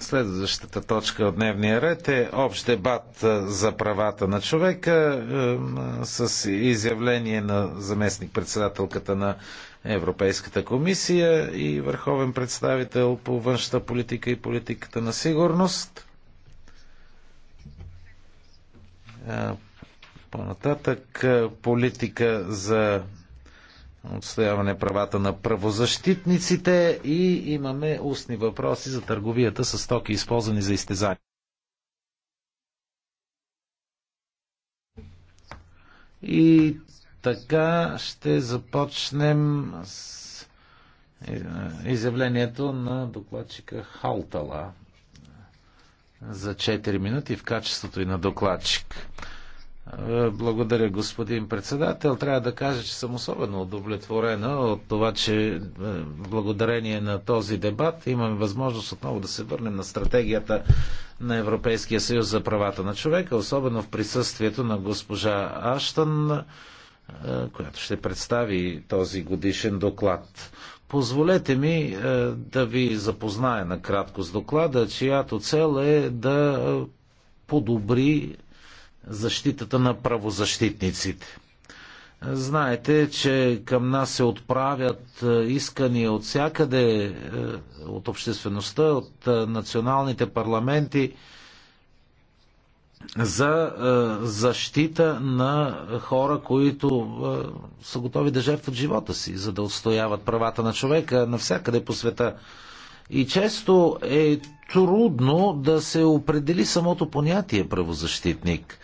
Следващата точка от дневния ред е общ дебат за правата на човека с изявление на заместник-председателката на Европейската комисия и върховен представител по външната политика и политиката на сигурност. По-нататък политика за отстояване правата на правозащитниците и имаме устни въпроси за търговията с стоки, използвани за изтезания. И така ще започнем с е, изявлението на докладчика Халтала за 4 минути в качеството и на докладчик. Благодаря, господин председател. Трябва да кажа, че съм особено удовлетворена от това, че е, благодарение на този дебат имаме възможност отново да се върнем на стратегията на Европейския съюз за правата на човека, особено в присъствието на госпожа Аштън, е, която ще представи този годишен доклад. Позволете ми е, да ви запозная накратко с доклада, чиято цел е да подобри защитата на правозащитниците. Знаете, че към нас се отправят е, искания от всякъде, е, от обществеността, от е, националните парламенти за защита на хора, които са готови да жертват живота си, за да отстояват правата на човека навсякъде по света. И често е трудно да се определи самото понятие правозащитник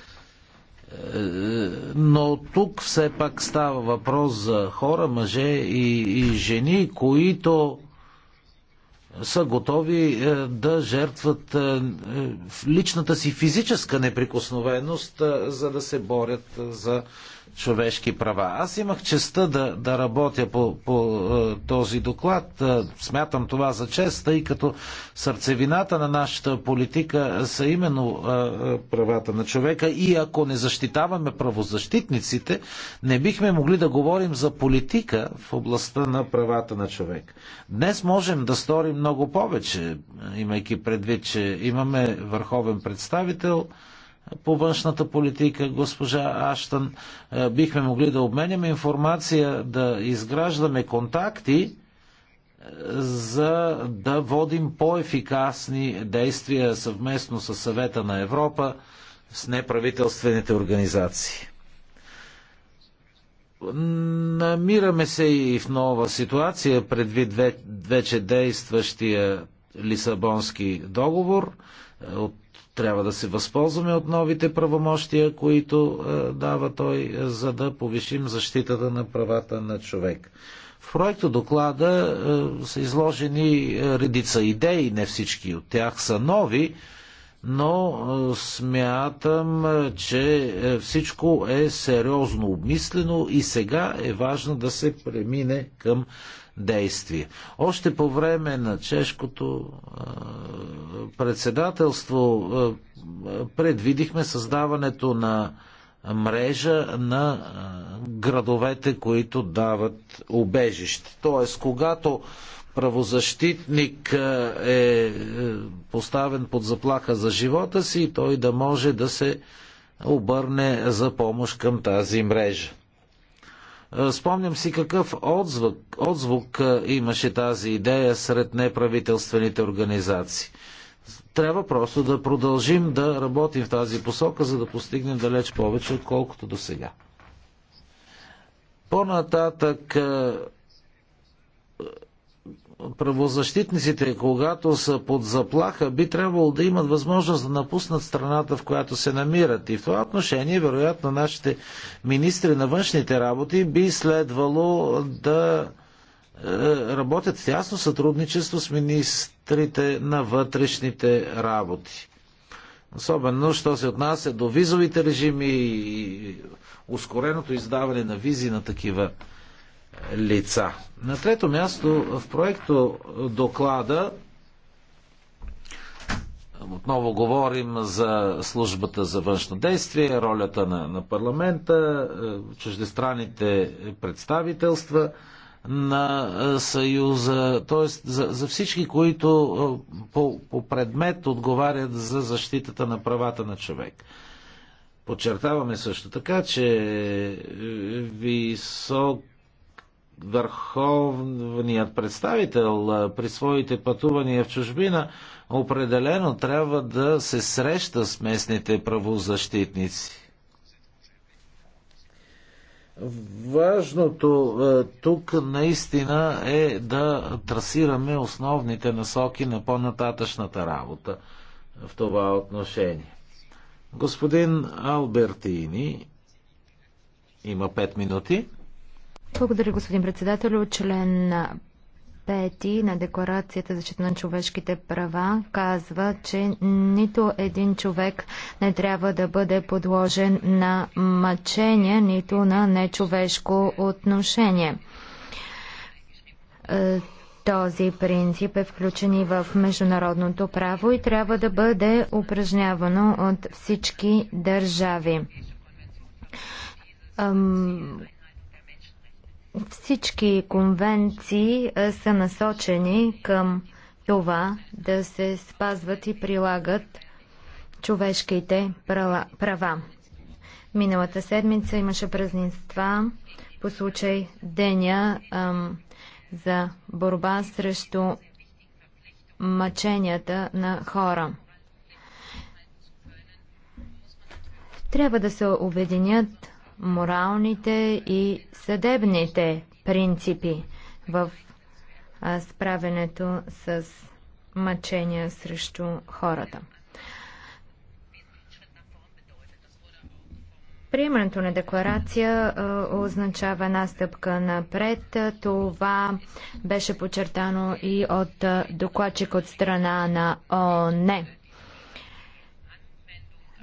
но тук все пак става въпрос за хора, мъже и, и жени, които са готови е, да жертват е, е, личната си физическа неприкосновеност, за да се борят за човешки права. Аз имах честа да, да работя по, по е, този доклад. Е, смятам това за чест, тъй като сърцевината на нашата политика са именно е, правата на човека и ако не защитаваме правозащитниците, не бихме могли да говорим за политика в областта на правата на човек. Днес можем да сторим много повече, имайки предвид, че имаме върховен представител, по външната политика, госпожа Аштън, е, бихме могли да обменяме информация, да изграждаме контакти, е, за да водим по-ефикасни действия съвместно с съвета на Европа, с неправителствените организации. Намираме се и в нова ситуация предвид вече действащия Лисабонски договор е, от трябва да се възползваме от новите правомощия, които е, дава той, е, за да повишим защитата на правата на човек. В проекта доклада е, са изложени редица идеи, не всички от тях са нови, но смятам, че всичко е сериозно обмислено и сега е важно да се премине към действие. Още по време на чешкото председателство предвидихме създаването на мрежа на градовете, които дават убежище. Тоест, когато правозащитник е, е поставен под заплаха за живота си, той да може да се обърне за помощ към тази мрежа. Е, спомням си какъв отзвук, отзвук е, имаше тази идея сред неправителствените организации. Трябва просто да продължим да работим в тази посока, за да постигнем далеч повече, отколкото до сега. По-нататък е, правозащитниците, когато са под заплаха, би трябвало да имат възможност да напуснат страната, в която се намират. И в това отношение, вероятно, нашите министри на външните работи би следвало да е, работят в тясно сътрудничество с министрите на вътрешните работи. Особено, що се отнася до визовите режими и ускореното издаване на визи на такива лица. На трето място в проекто доклада отново говорим за службата за външно действие, ролята на, на парламента, е, чуждестранните представителства на е, Съюза, т.е. За, за всички, които е, по, по предмет отговарят за защитата на правата на човек. Подчертаваме също така, че висок върховният представител при своите пътувания в чужбина определено трябва да се среща с местните правозащитници. Важното тук наистина е да трасираме основните насоки на по-нататъчната работа в това отношение. Господин Албертини има 5 минути. Благодаря, господин председател. Член Пети на Декларацията за защита на човешките права казва, че нито един човек не трябва да бъде подложен на мъчение, нито на нечовешко отношение. Е, този принцип е включен и в международното право и трябва да бъде упражнявано от всички държави всички конвенции е, са насочени към това да се спазват и прилагат човешките права. Миналата седмица имаше празненства по случай деня ам, за борба срещу мъченията на хора. Трябва да се обединят моралните и съдебните принципи в справенето с мъчения срещу хората. Приемането на декларация означава една стъпка напред. Това беше подчертано и от докладчик от страна на ОНЕ.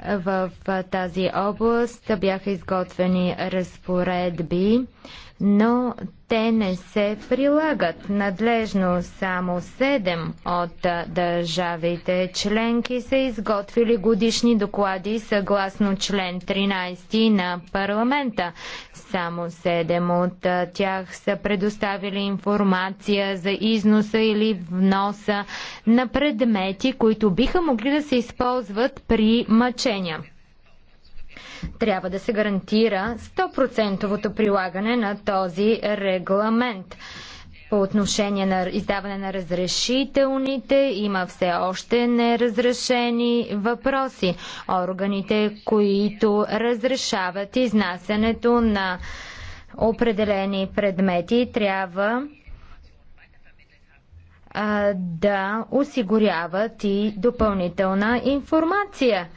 В тази област бяха изготвени разпоредби, но те не се прилагат. Надлежно само 7 от държавите членки са изготвили годишни доклади съгласно член 13 на парламента. Само 7 от тях са предоставили информация за износа или вноса на предмети, които биха могли да се използват при мъчения. Трябва да се гарантира 100% прилагане на този регламент. По отношение на издаване на разрешителните има все още неразрешени въпроси. Органите, които разрешават изнасянето на определени предмети, трябва а, да осигуряват и допълнителна информация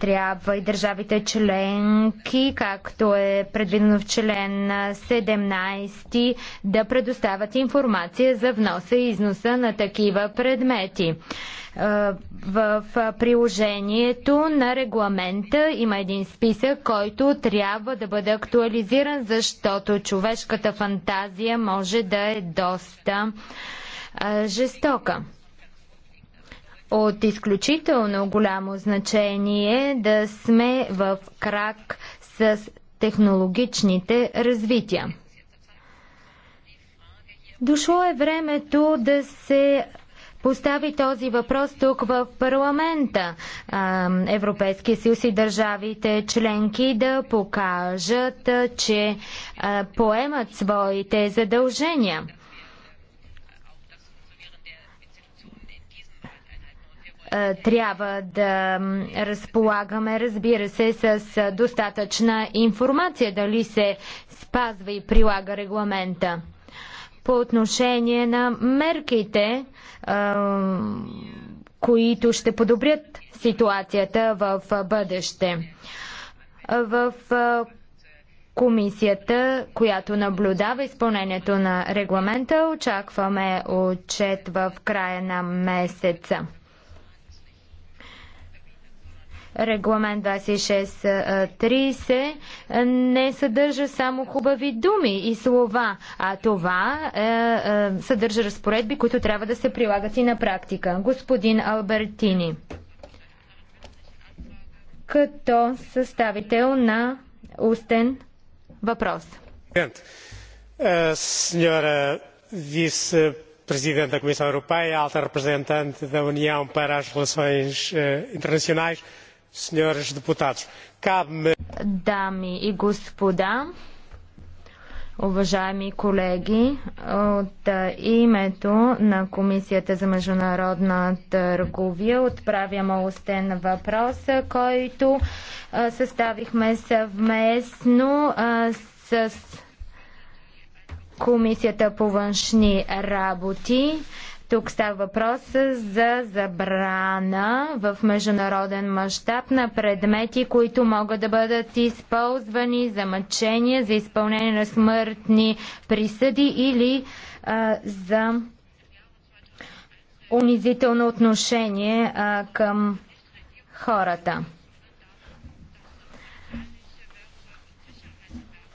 трябва и държавите членки, както е предвидено в член 17, да предоставят информация за вноса и износа на такива предмети. В приложението на регламента има един списък, който трябва да бъде актуализиран, защото човешката фантазия може да е доста жестока от изключително голямо значение да сме в крак с технологичните развития. Дошло е времето да се постави този въпрос тук в парламента. Европейския съюз и държавите членки да покажат, че поемат своите задължения. трябва да разполагаме, разбира се, с достатъчна информация дали се спазва и прилага регламента. По отношение на мерките, които ще подобрят ситуацията в бъдеще. В комисията, която наблюдава изпълнението на регламента, очакваме отчет в края на месеца. Регламент 2630 е, не съдържа само хубави думи и слова, а това е, е, съдържа разпоредби, които трябва да се прилагат и на практика. Господин Албертини, като съставител на устен въпрос. Е, сеньора vice-presidente da Comissão Europeia, alta representante da União para as relações internacionais, Cabe-me. Дами и господа, уважаеми колеги, от името на Комисията за международна търговия отправям устен въпрос, който съставихме съвместно с Комисията по външни работи. Тук става въпрос за забрана в международен мащаб на предмети, които могат да бъдат използвани за мъчение, за изпълнение на смъртни присъди или а, за унизително отношение а, към хората.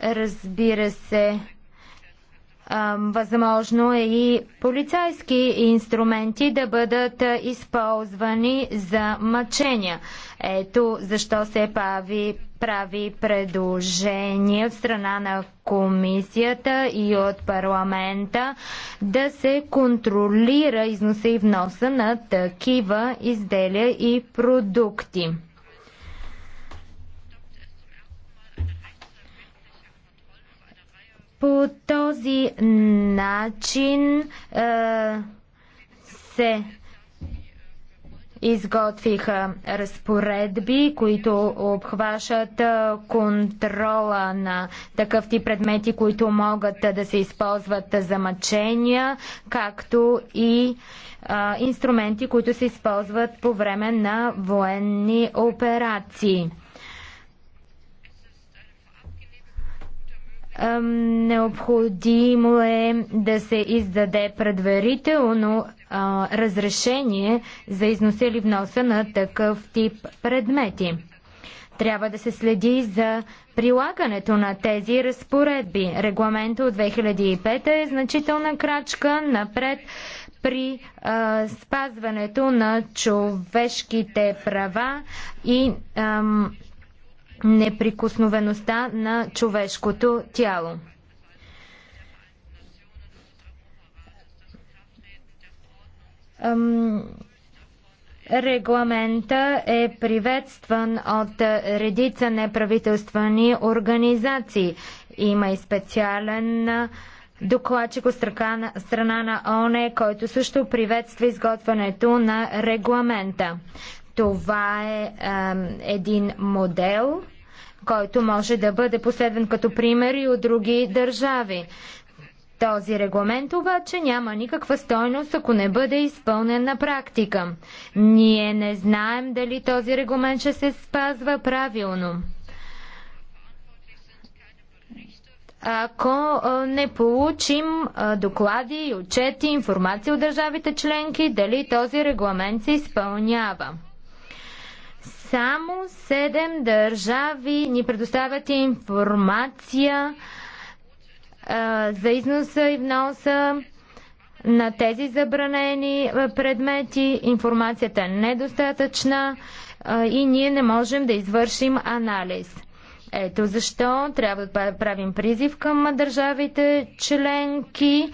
Разбира се, Възможно е и полицайски инструменти да бъдат използвани за мъчения. Ето защо се пави, прави предложение от страна на комисията и от парламента да се контролира износа и вноса на такива изделия и продукти. По този начин е, се изготвиха разпоредби, които обхващат е, контрола на такъв ти предмети, които могат да се използват за мъчения, както и е, инструменти, които се използват по време на военни операции. Необходимо е да се издаде предварително разрешение за износ или вноса на такъв тип предмети. Трябва да се следи за прилагането на тези разпоредби. Регламент от 2005 е значителна крачка напред при а, спазването на човешките права и ам, неприкосновеността на човешкото тяло. Регламента е приветстван от редица неправителствени организации. Има и специален докладчик от страна на ОНЕ, който също приветства изготвянето на регламента. Това е един модел, който може да бъде последен като пример и от други държави. Този регламент обаче няма никаква стойност, ако не бъде изпълнен на практика. Ние не знаем дали този регламент ще се спазва правилно. Ако не получим доклади, отчети, информация от държавите членки, дали този регламент се изпълнява. Само 7 държави ни предоставят информация за износа и вноса на тези забранени предмети. Информацията е недостатъчна и ние не можем да извършим анализ. Ето защо трябва да правим призив към държавите членки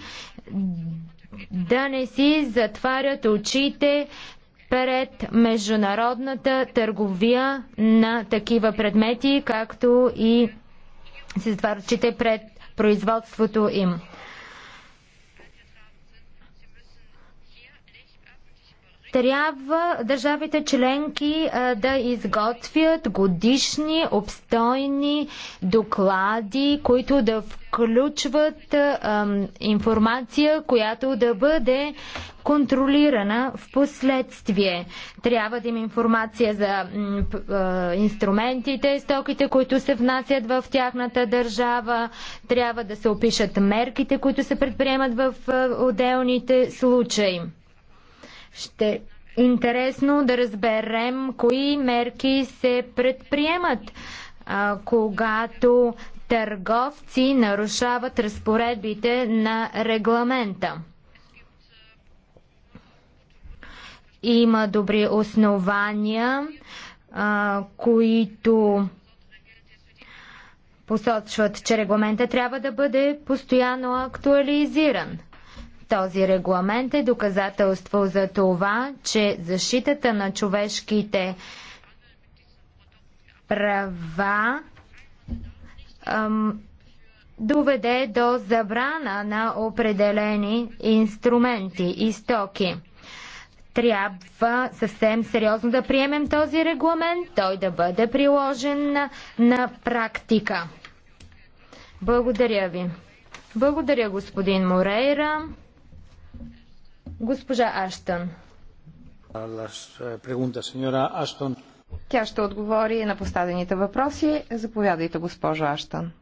да не си затварят очите пред международната търговия на такива предмети, както и се затварчите пред производството им. трябва държавите членки да изготвят годишни обстойни доклади, които да включват информация, която да бъде контролирана в последствие. Трябва да има информация за инструментите, стоките, които се внасят в тяхната държава. Трябва да се опишат мерките, които се предприемат в отделните случаи. Ще интересно да разберем кои мерки се предприемат, а, когато търговци нарушават разпоредбите на регламента. Има добри основания, а, които посочват, че регламента трябва да бъде постоянно актуализиран. Този регламент е доказателство за това, че защитата на човешките права ам, доведе до забрана на определени инструменти и стоки. Трябва съвсем сериозно да приемем този регламент, той да бъде приложен на, на практика. Благодаря ви. Благодаря, господин Морейра. Госпожа е, Аштън. Тя ще отговори на поставените въпроси. Заповядайте, госпожо Аштън.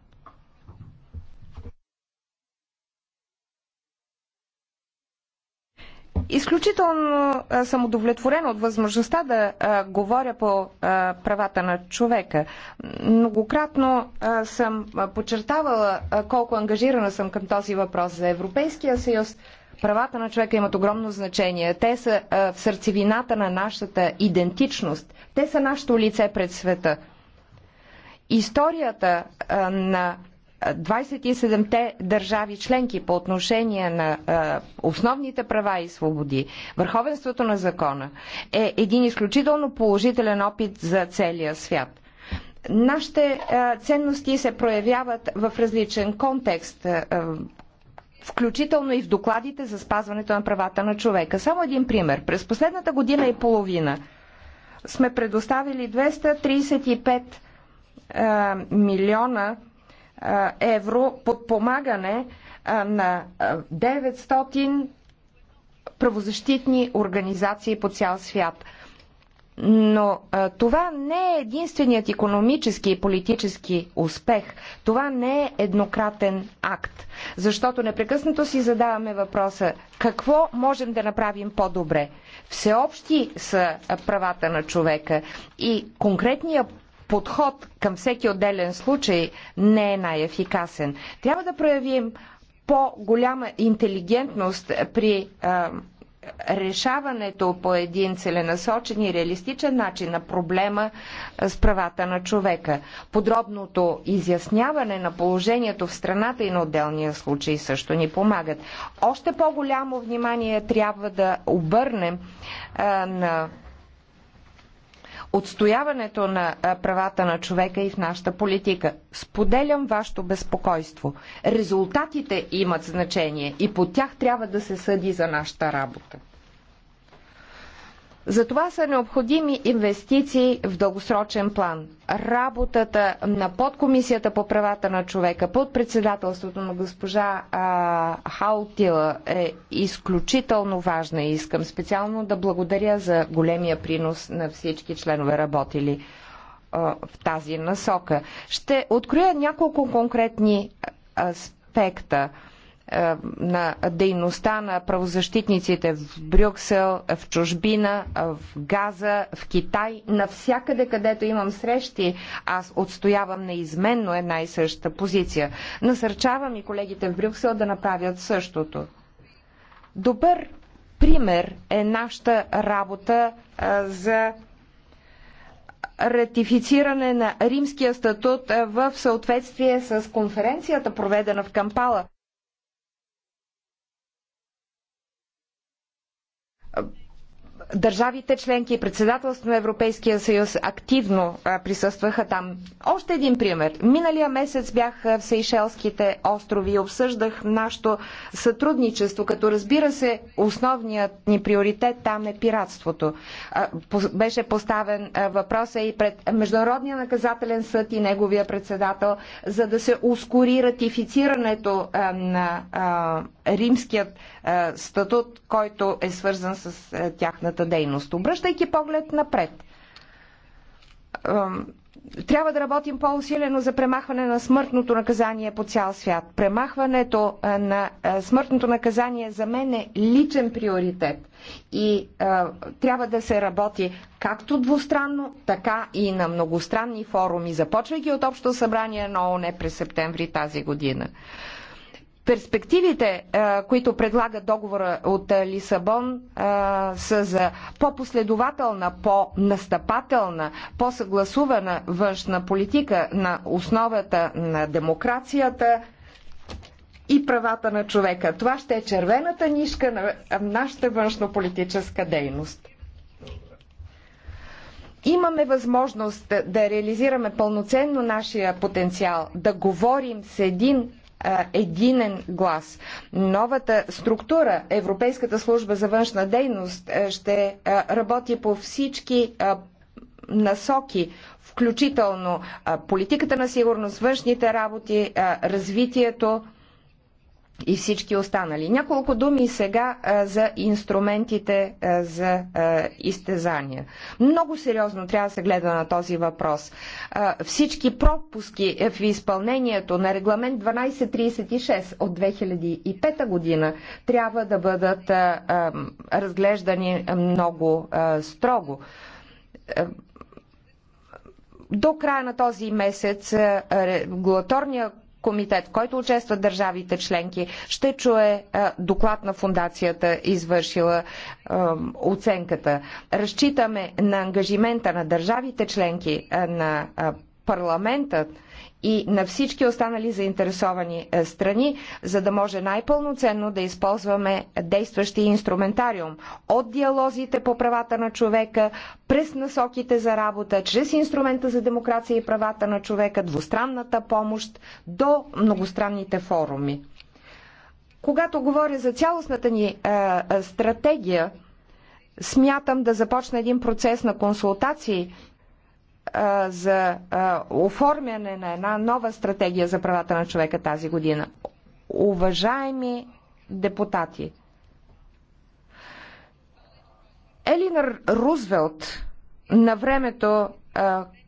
Изключително е, съм удовлетворена от възможността да а, е, говоря по а, правата на човека. Многократно а, съм подчертавала колко ангажирана съм към този въпрос за Европейския съюз Правата на човека имат огромно значение. Те са в сърцевината на нашата идентичност. Те са нашето лице пред света. Историята на 27-те държави членки по отношение на а, основните права и свободи, върховенството на закона е един изключително положителен опит за целия свят. Нашите а, ценности се проявяват в различен контекст. А, включително и в докладите за спазването на правата на човека. Само един пример. През последната година и половина сме предоставили 235 а, милиона а, евро подпомагане а, на 900 правозащитни организации по цял свят. Но а, това не е единственият економически и политически успех. Това не е еднократен акт. Защото непрекъснато си задаваме въпроса какво можем да направим по-добре. Всеобщи са правата на човека и конкретния подход към всеки отделен случай не е най-ефикасен. Трябва да проявим по-голяма интелигентност при. А, решаването по един целенасочен и реалистичен начин на проблема с правата на човека. Подробното изясняване на положението в страната и на отделния случай също ни помагат. Още по-голямо внимание трябва да обърнем а, на отстояването на правата на човека и в нашата политика. Споделям вашето безпокойство. Резултатите имат значение и по тях трябва да се съди за нашата работа. Затова са необходими инвестиции в дългосрочен план. Работата на подкомисията по правата на човека под председателството на госпожа а, е изключително важна и искам специално да благодаря за големия принос на всички членове работили а, в тази насока. Ще откроя няколко конкретни аспекта. Е, на дейността на правозащитниците в Брюксел, в чужбина, в Газа, в Китай, навсякъде където имам срещи, аз отстоявам неизменно една и съща позиция. Насърчавам и колегите в Брюксел да направят същото. Добър пример е нашата работа е, за ратифициране на Римския статут е, в съответствие с конференцията, проведена в Кампала. държавите членки и председателство на Европейския съюз активно присъстваха там. Още един пример. Миналия месец бях в Сейшелските острови и обсъждах нашето сътрудничество, като разбира се, основният ни приоритет там е пиратството. Беше поставен въпроса и пред Международния наказателен съд и неговия председател, за да се ускори ратифицирането на римският е, статут, който е свързан с е, тяхната дейност. Обръщайки поглед напред, е, трябва да работим по-усилено за премахване на смъртното наказание по цял свят. Премахването на смъртното наказание за мен е личен приоритет и а, трябва да се работи както двустранно, така и на многостранни форуми, започвайки от Общо събрание на ООН през септември тази година. Перспективите, които предлага договора от Лисабон, са за по-последователна, по-настъпателна, по-съгласувана външна политика на основата на демокрацията и правата на човека. Това ще е червената нишка на нашата външно-политическа дейност. Имаме възможност да реализираме пълноценно нашия потенциал, да говорим с един единен глас. Новата структура, Европейската служба за външна дейност, ще работи по всички насоки, включително политиката на сигурност, външните работи, развитието и всички останали. Няколко думи сега а, за инструментите а, за а, изтезания. Много сериозно трябва да се гледа на този въпрос. А, всички пропуски е, в изпълнението на регламент 1236 от 2005 година трябва да бъдат а, а, разглеждани много а, строго. До края на този месец регулаторния комитет, в който участват държавите членки, ще чуе доклад на фундацията, извършила оценката. Разчитаме на ангажимента на държавите членки, на парламентът, и на всички останали заинтересовани е, страни, за да може най-пълноценно да използваме действащия инструментариум от диалозите по правата на човека, през насоките за работа, чрез инструмента за демокрация и правата на човека, двустранната помощ до многостранните форуми. Когато говоря за цялостната ни е, е стратегия, смятам да започна един процес на консултации за оформяне на една нова стратегия за правата на човека тази година. Уважаеми депутати, Елинар Рузвелт на времето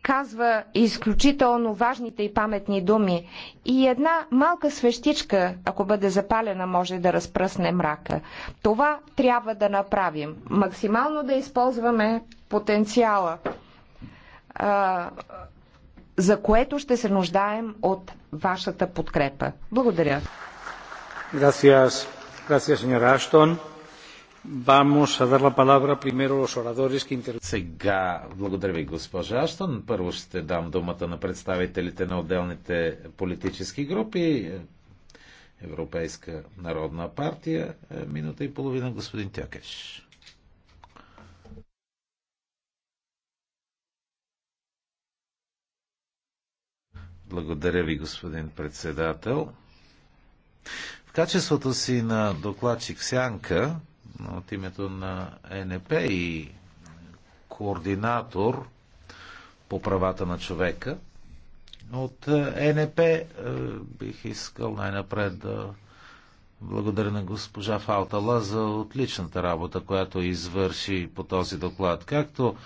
казва изключително важните и паметни думи. И една малка свещичка, ако бъде запалена, може да разпръсне мрака. Това трябва да направим. Максимално да използваме потенциала а, за което ще се нуждаем от вашата подкрепа. Благодаря. Gracias. Gracias, señora Ashton. Vamos a dar la palabra primero a los oradores que inter... Сега, благодаря ви, госпожа Аштон. Първо ще дам думата на представителите на отделните политически групи. Европейска народна партия. Е, минута и половина, господин Тякеш. Благодаря ви, господин председател. В качеството си на докладчик Сянка от името на НП и координатор по правата на човека от НП е, бих искал най-напред да благодаря на госпожа Фалтала за отличната работа, която извърши по този доклад. Както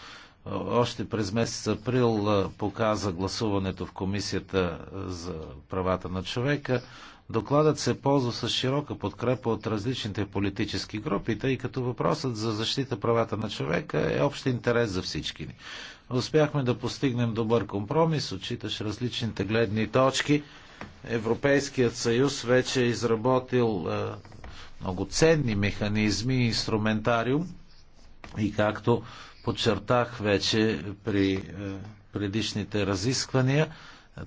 още през месец април показа гласуването в Комисията за правата на човека. Докладът се ползва с широка подкрепа от различните политически групи, тъй като въпросът за защита правата на човека е общ интерес за всички ни. Успяхме да постигнем добър компромис, отчиташ различните гледни точки. Европейският съюз вече е изработил много ценни механизми и инструментариум и както подчертах вече при е, предишните разисквания,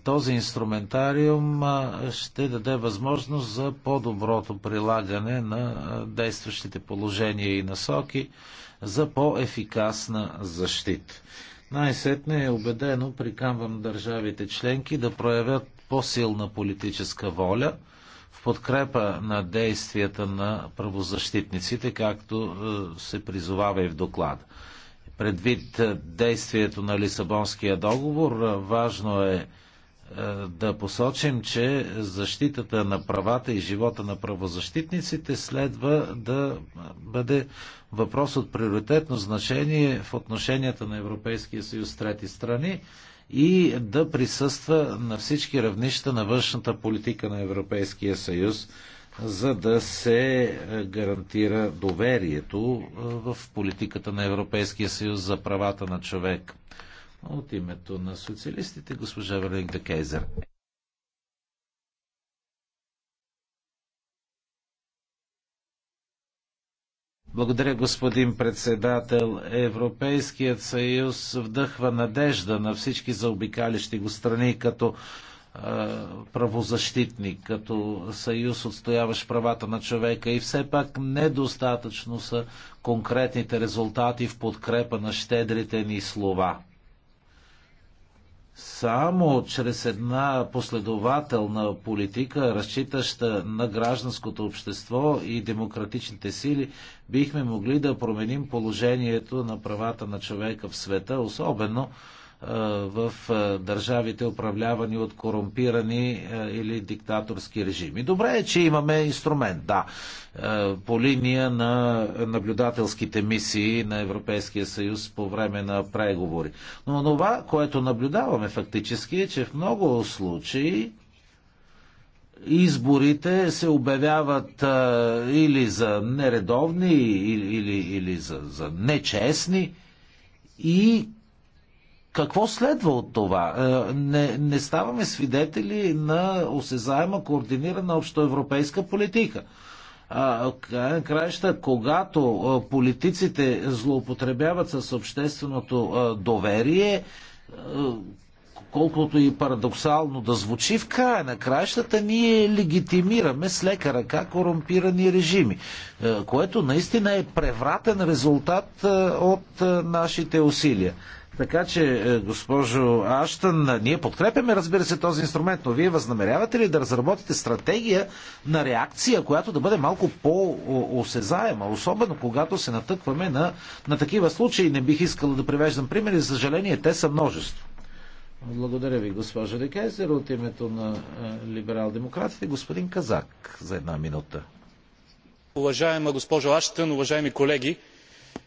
този инструментариум е, ще даде възможност за по-доброто прилагане на е, действащите положения и насоки за по-ефикасна защита. Най-сетне е убедено приканвам държавите членки да проявят по-силна политическа воля в подкрепа на действията на правозащитниците, както се призовава и в доклада предвид е, действието на Лисабонския договор, е, важно е, е да посочим, че защитата на правата и живота на правозащитниците следва да бъде въпрос от приоритетно значение в отношенията на Европейския съюз с трети страни и да присъства на всички равнища на външната политика на Европейския съюз за да се е, гарантира доверието е, в политиката на Европейския съюз за правата на човек. От името на социалистите госпожа Верлинг де Кейзер. Благодаря, господин председател. Европейският съюз вдъхва надежда на всички заобикалищи го страни, като правозащитник, като съюз отстояващ правата на човека и все пак недостатъчно са конкретните резултати в подкрепа на щедрите ни слова. Само чрез една последователна политика, разчитаща на гражданското общество и демократичните сили, бихме могли да променим положението на правата на човека в света, особено в държавите, управлявани от корумпирани или диктаторски режими. Добре е, че имаме инструмент, да, по линия на наблюдателските мисии на Европейския съюз по време на преговори. Но това, което наблюдаваме фактически е, че в много случаи изборите се обявяват а, или за нередовни, или, или, или за, за нечестни и какво следва от това? Е, не, не ставаме свидетели на осезаема координирана общоевропейска политика. Краища, когато е, политиците злоупотребяват с общественото е, доверие, колкото и парадоксално да звучи, в края на краищата ние легитимираме с лека ръка корумпирани режими, което наистина е превратен резултат от нашите усилия. Така че, е, госпожо Аштън, ние подкрепяме, разбира се, този инструмент, но вие възнамерявате ли да разработите стратегия на реакция, която да бъде малко по-осезаема, особено когато се натъкваме на, на такива случаи. Не бих искал да привеждам примери, за съжаление, те са множество. Благодаря ви, госпожо Декезер, От името на е, либерал-демократите, господин Казак, за една минута. Уважаема госпожо Аштън, уважаеми колеги,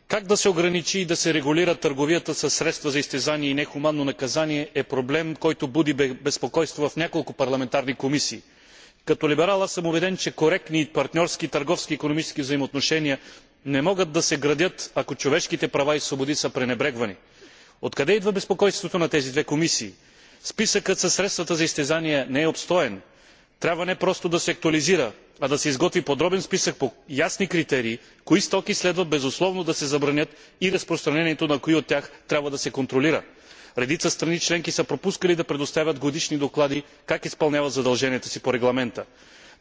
как да се ограничи и да се регулира търговията със средства за изтезание и нехуманно наказание е проблем който буди безпокойство в няколко парламентарни комисии. като либерал аз съм убеден че коректни партньорски търговски и икономически взаимоотношения не могат да се градят ако човешките права и свободи са пренебрегвани. откъде идва безпокойството на тези две комисии? списъкът със средствата за изтезание не е обстоен трябва не просто да се актуализира а да се изготви подробен списък по ясни критерии кои стоки следва безусловно да се забранят и разпространението на кои от тях трябва да се контролира. редица страни членки са пропускали да предоставят годишни доклади как изпълняват задълженията си по регламента.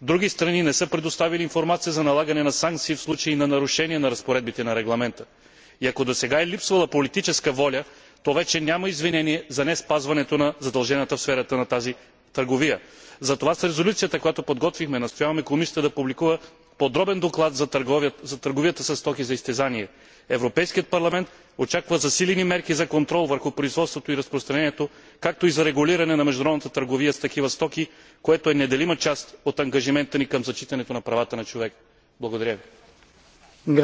други страни не са предоставили информация за налагане на санкции в случай на нарушение на разпоредбите на регламента. и ако досега е липсвала политическа воля то вече няма извинение за неспазването на задълженията в сферата на тази търговия. затова с резолюцията която подготвихме настояваме комисията да публикува подробен доклад за търговията със стоки за изтезание. европейският парламент очаква засилени мерки за контрол върху производството и разпространението както и за регулиране на международната търговия с такива стоки което е неделима част от ангажимента ни към зачитането на правата на човека. благодаря ви.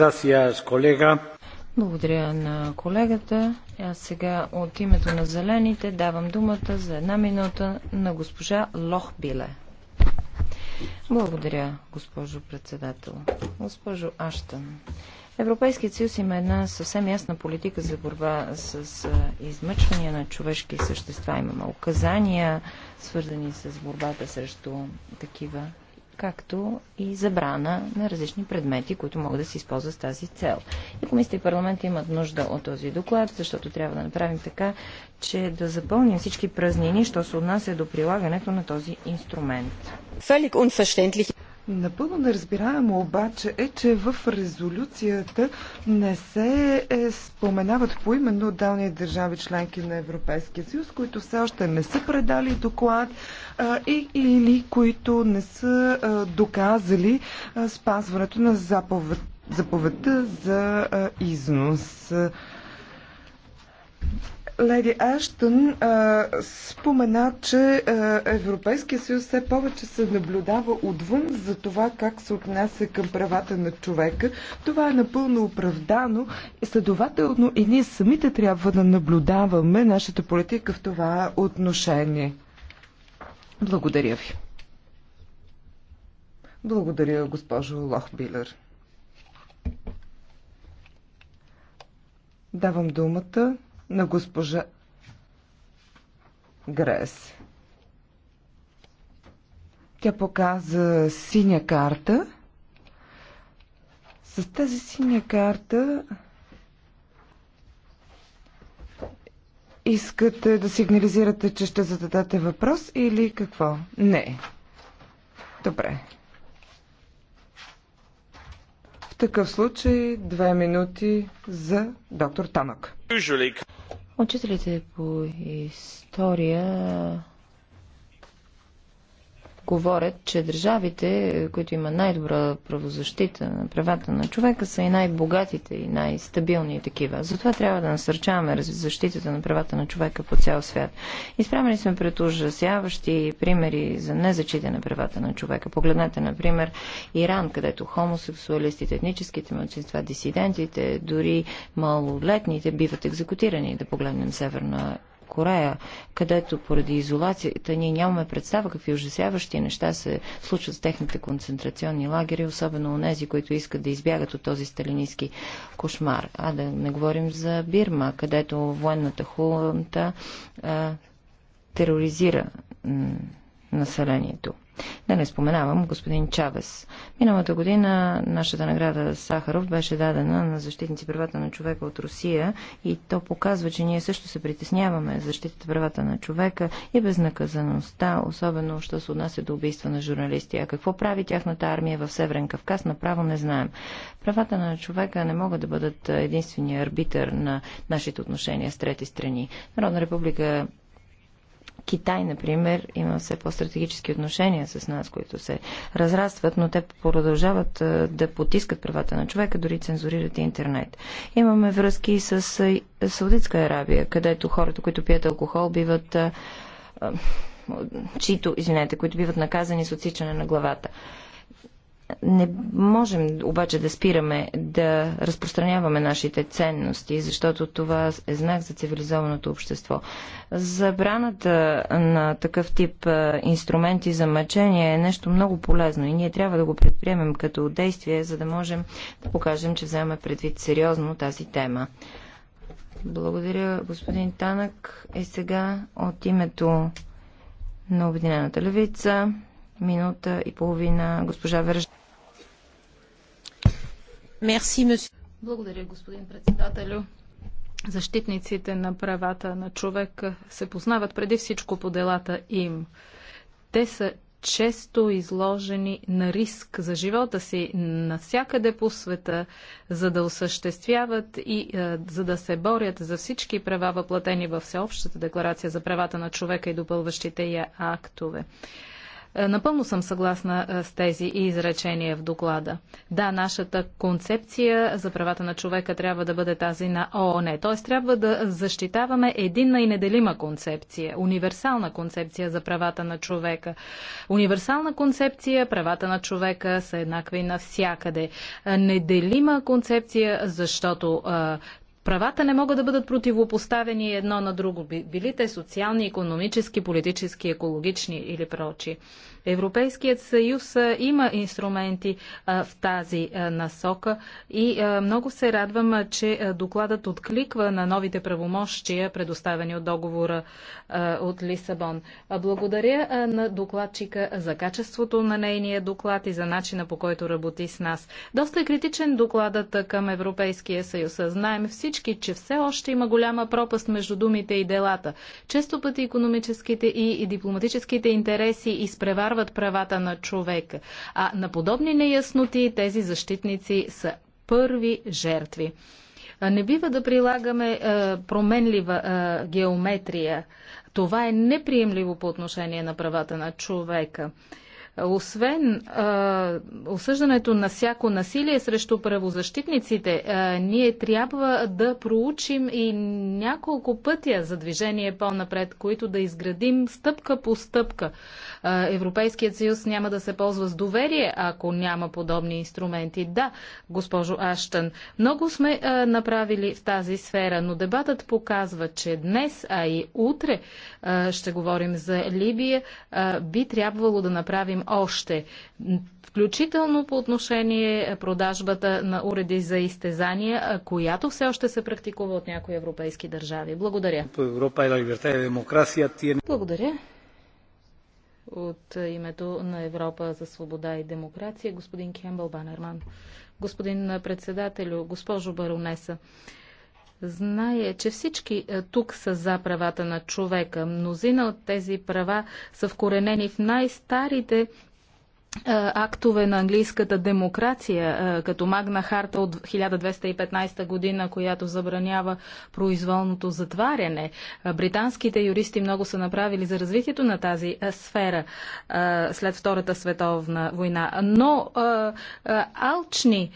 Благодаря на колегата. А сега от името на Зелените давам думата за една минута на госпожа Лохбиле. Благодаря, госпожо председател. Госпожо Аштън, Европейският съюз има една съвсем ясна политика за борба с измъчвания на човешки същества. Имаме указания, свързани с борбата срещу такива както и забрана на различни предмети, които могат да се използват с тази цел. И комисията и парламента имат нужда от този доклад, защото трябва да направим така, че да запълним всички празнини, що се отнася до прилагането на този инструмент. Напълно неразбираемо обаче е, че в резолюцията не се е, споменават поименно отдални държави членки на Европейския съюз, които все още не са предали доклад а, и, или които не са а, доказали а, спазването на заповед, заповедта за а, износ. А, Леди Аштън спомена, че Европейския съюз все повече се наблюдава отвън за това как се отнася към правата на човека. Това е напълно оправдано. и Следователно и ние самите трябва да наблюдаваме нашата политика в това отношение. Благодаря ви. Благодаря, госпожо Лохбилер. Давам думата на госпожа Грес. Тя показа синя карта. С тази синя карта искате да сигнализирате, че ще зададете въпрос или какво? Не. Добре. В такъв случай две минути за доктор Тамък. Учителите по история говорят, че държавите, които има най-добра правозащита на правата на човека, са и най-богатите и най-стабилни такива. Затова трябва да насърчаваме защитата на правата на човека по цял свят. Изправени сме пред ужасяващи примери за незачите на правата на човека. Погледнете, например, Иран, където хомосексуалистите, етническите младсинства, дисидентите, дори малолетните биват екзекутирани. Да погледнем Северна Корея, където поради изолацията ние нямаме представа какви ужасяващи неща се случват с техните концентрационни лагери, особено у нези, които искат да избягат от този сталинистски кошмар. А да не говорим за Бирма, където военната хунта тероризира населението. Да не споменавам господин Чавес. Миналата година нашата награда Сахаров беше дадена на защитници правата на човека от Русия и то показва, че ние също се притесняваме защитата правата на човека и безнаказаността, особено, що се отнася до убийства на журналисти. А какво прави тяхната армия в Северен Кавказ, направо не знаем. Правата на човека не могат да бъдат единствения арбитър на нашите отношения с трети страни. Народна република Китай, например, има все по-стратегически отношения с нас, които се разрастват, но те продължават да потискат правата на човека, дори цензурират интернет. Имаме връзки с Саудитска Арабия, където хората, които пият алкохол, биват чието, извинете, които биват наказани с отсичане на главата. Не можем обаче да спираме да разпространяваме нашите ценности, защото това е знак за цивилизованото общество. Забраната на такъв тип инструменти за мъчение е нещо много полезно и ние трябва да го предприемем като действие, за да можем да покажем, че вземаме предвид сериозно тази тема. Благодаря, господин Танък. И е, сега от името на Обединената левица минута и половина госпожа Вержа. Благодаря, господин председателю. Защитниците на правата на човек се познават преди всичко по делата им. Те са често изложени на риск за живота си навсякъде по света, за да осъществяват и е, за да се борят за всички права, въплатени в Всеобщата декларация за правата на човека и допълващите я актове. Е, напълно съм съгласна е, с тези изречения в доклада. Да, нашата концепция за правата на човека трябва да бъде тази на ООН. Т.е. трябва да защитаваме единна и неделима концепция, универсална концепция за правата на човека. Универсална концепция, правата на човека са еднакви навсякъде. Е, неделима концепция, защото Правата не могат да бъдат противопоставени едно на друго, били те социални, економически, политически, екологични или прочи. Европейският съюз има инструменти в тази насока и много се радвам, че докладът откликва на новите правомощия, предоставени от договора от Лисабон. Благодаря на докладчика за качеството на нейния доклад и за начина по който работи с нас. Доста е критичен докладът към Европейския съюз. Знаем всички, че все още има голяма пропаст между думите и делата. Често пъти економическите и дипломатическите интереси изпреварват оспорват правата на човека. А на подобни неясноти тези защитници са първи жертви. Не бива да прилагаме променлива геометрия. Това е неприемливо по отношение на правата на човека. Освен а, осъждането на всяко насилие срещу правозащитниците, а, ние трябва да проучим и няколко пътя за движение по-напред, които да изградим стъпка по стъпка. А, Европейският съюз няма да се ползва с доверие, ако няма подобни инструменти. Да, госпожо Аштън, много сме а, направили в тази сфера, но дебатът показва, че днес, а и утре а, ще говорим за Либия, а, би трябвало да направим още, включително по отношение продажбата на уреди за изтезания, която все още се практикува от някои европейски държави. Благодаря. Благодаря. От името на Европа за свобода и демокрация, господин Кембъл Банерман. Господин председателю, госпожо баронеса, знае, че всички е, тук са за правата на човека. Мнозина от тези права са вкоренени в най-старите е, актове на английската демокрация, е, като Магна Харта от 1215 година, която забранява произволното затваряне. Британските юристи много са направили за развитието на тази сфера след Втората световна война. Но алчни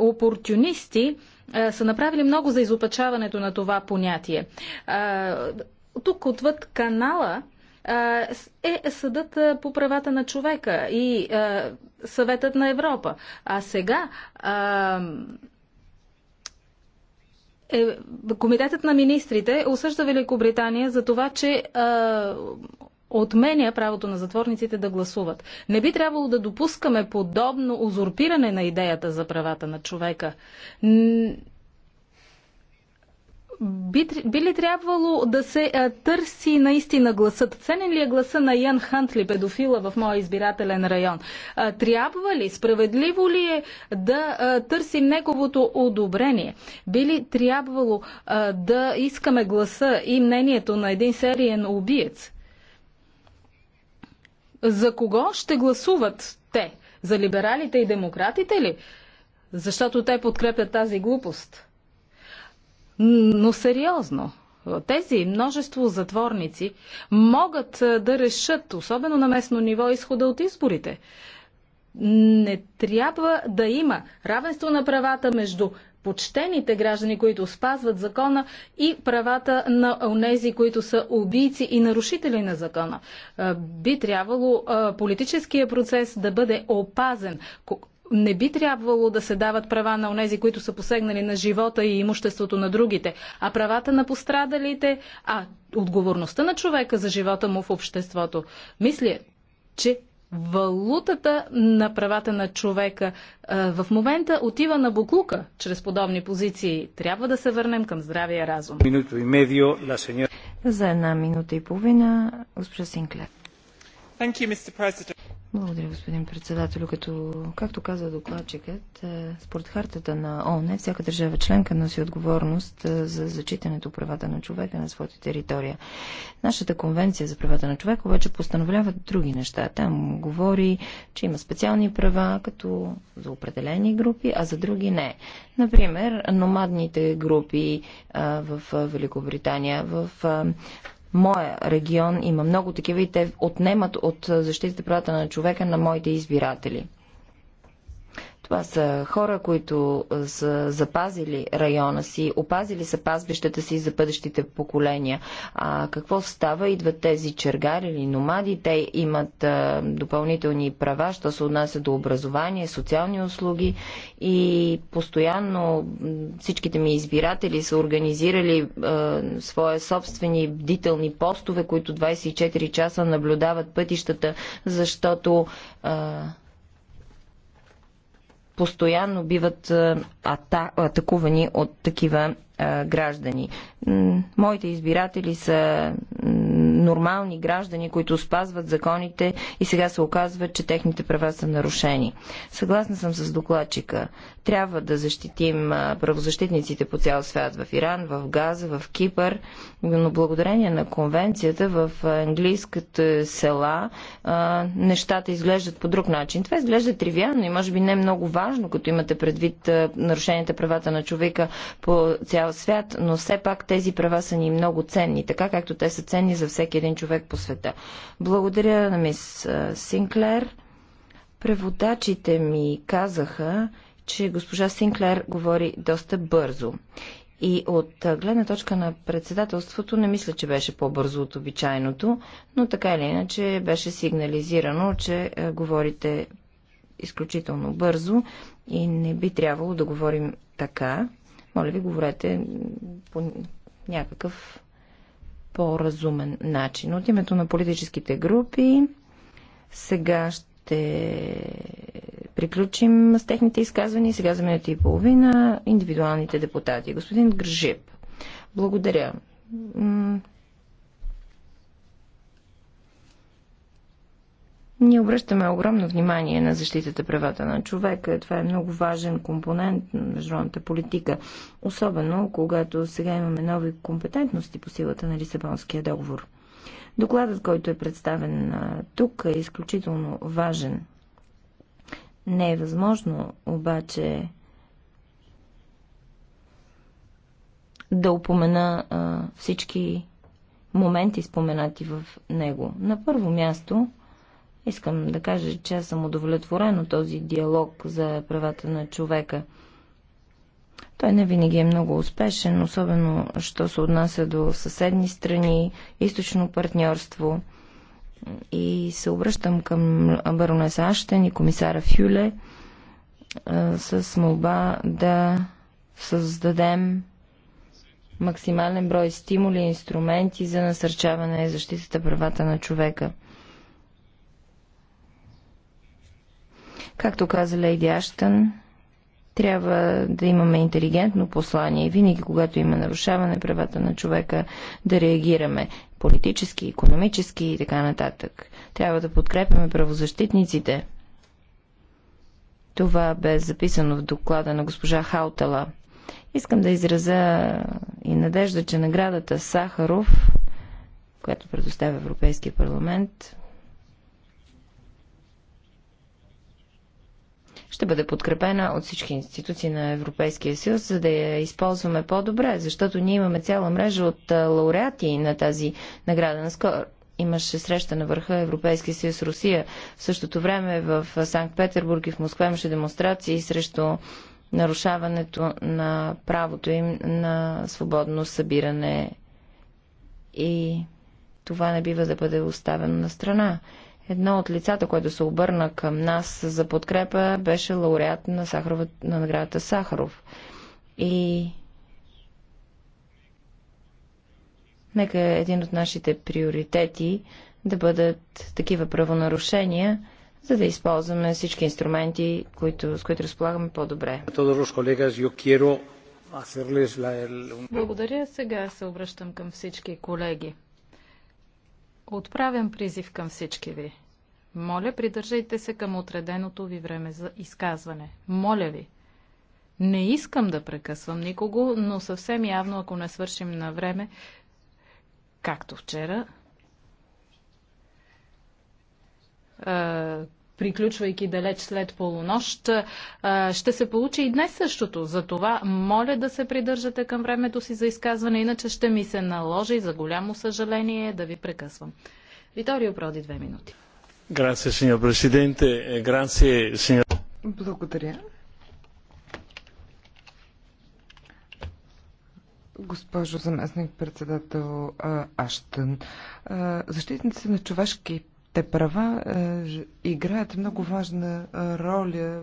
опортюнисти е, са направили много за изопачаването на това понятие. Е, тук отвъд канала е, е съдът по правата на човека и съветът на Европа. А сега е, Комитетът на министрите осъжда Великобритания за това, че отменя правото на затворниците да гласуват. Не би трябвало да допускаме подобно узурпиране на идеята за правата на човека. Би, би ли трябвало да се а, търси наистина гласът? Ценен ли е гласа на Ян Хантли, педофила в моя избирателен район? А, трябва ли, справедливо ли е да а, търсим неговото одобрение? Би ли трябвало а, да искаме гласа и мнението на един сериен убиец? За кого ще гласуват те? За либералите и демократите ли? Защото те подкрепят тази глупост. Но сериозно, тези множество затворници могат е, да решат, особено на местно ниво, изхода от изборите. Не трябва да има равенство на правата между почтените граждани, които спазват закона и правата на онези, които са убийци и нарушители на закона. Е, би трябвало е, политическия процес да бъде опазен. Не би трябвало да се дават права на онези, които са посегнали на живота и имуществото на другите, а правата на пострадалите, а отговорността на човека за живота му в обществото. Мисля, че валутата на правата на човека в момента отива на буклука чрез подобни позиции. Трябва да се върнем към здравия разум. За една минута и половина, госпожа Синклер. Благодаря, господин председател. Като, както каза докладчикът, е, според хартата на ООН, всяка държава членка носи отговорност е, за зачитането правата на човека на своята територия. Нашата конвенция за правата на човека обаче постановлява други неща. Там говори, че има специални права, като за определени групи, а за други не. Например, номадните групи е, в Великобритания, в моя регион има много такива и те отнемат от защитите правата на човека на моите избиратели. Това са хора, които са запазили района си, опазили са пазбищата си за бъдещите поколения. А какво става? Идват тези чергари или номади, те имат а, допълнителни права, що се отнася до образование, социални услуги и постоянно всичките ми избиратели са организирали а, свои собствени бдителни постове, които 24 часа наблюдават пътищата, защото а, постоянно биват ата, атакувани от такива граждани. Моите избиратели са нормални граждани, които спазват законите и сега се оказва, че техните права са нарушени. Съгласна съм с докладчика. Трябва да защитим правозащитниците по цял свят в Иран, в Газа, в Кипър, но благодарение на конвенцията в английската села нещата изглеждат по друг начин. Това изглежда тривиално и може би не е много важно, като имате предвид нарушените правата на човека по цял свят, но все пак тези права са ни много ценни, така както те са ценни за всеки един човек по света. Благодаря на мис Синклер. Преводачите ми казаха, че госпожа Синклер говори доста бързо. И от гледна точка на председателството не мисля, че беше по-бързо от обичайното, но така или иначе беше сигнализирано, че говорите изключително бързо и не би трябвало да говорим така. Моля ви, говорете по някакъв по-разумен начин. От името на политическите групи сега ще приключим с техните изказвания. Сега за минута и половина индивидуалните депутати. Господин Гржип, благодаря Ние обръщаме огромно внимание на защитата правата на човека. Това е много важен компонент на международната политика, особено когато сега имаме нови компетентности по силата на Лисабонския договор. Докладът, който е представен тук, е изключително важен. Не е възможно обаче да упомена а, всички моменти, споменати в него. На първо място Искам да кажа, че аз съм удовлетворен от този диалог за правата на човека. Той не винаги е много успешен, особено що се отнася до съседни страни, източно партньорство. И се обръщам към баронеса Аштен и комисара Фюле с молба да създадем максимален брой стимули и инструменти за насърчаване и защитата правата на човека – Както каза Лейди Аштън, трябва да имаме интелигентно послание и винаги, когато има нарушаване правата на човека, да реагираме политически, економически и така нататък. Трябва да подкрепяме правозащитниците. Това бе записано в доклада на госпожа Хаутала. Искам да изразя и надежда, че наградата Сахаров, която предоставя Европейския парламент, ще бъде подкрепена от всички институции на Европейския съюз, за да я използваме по-добре, защото ние имаме цяла мрежа от лауреати на тази награда. Наскоро имаше среща на върха Европейския съюз Русия. В същото време в Санкт-Петербург и в Москва имаше демонстрации срещу нарушаването на правото им на свободно събиране и това не бива да бъде оставено на страна. Едно от лицата, което се обърна към нас за подкрепа, беше лауреат на, Сахарова, на наградата Сахаров. И нека един от нашите приоритети да бъдат такива правонарушения, за да използваме всички инструменти, които, с които разполагаме по-добре. Благодаря. Сега се обръщам към всички колеги. Отправям призив към всички ви. Моля, придържайте се към отреденото ви време за изказване. Моля ви. Не искам да прекъсвам никого, но съвсем явно, ако не свършим на време, както вчера, приключвайки далеч след полунощ, ще се получи и днес същото. За това моля да се придържате към времето си за изказване, иначе ще ми се наложи за голямо съжаление да ви прекъсвам. Виторио Проди, две минути. Грация, сеньор президенте. Грация, сеньор... Благодаря. Госпожо заместник председател Аштън, защитници на човешки те права е, играят много важна е, роля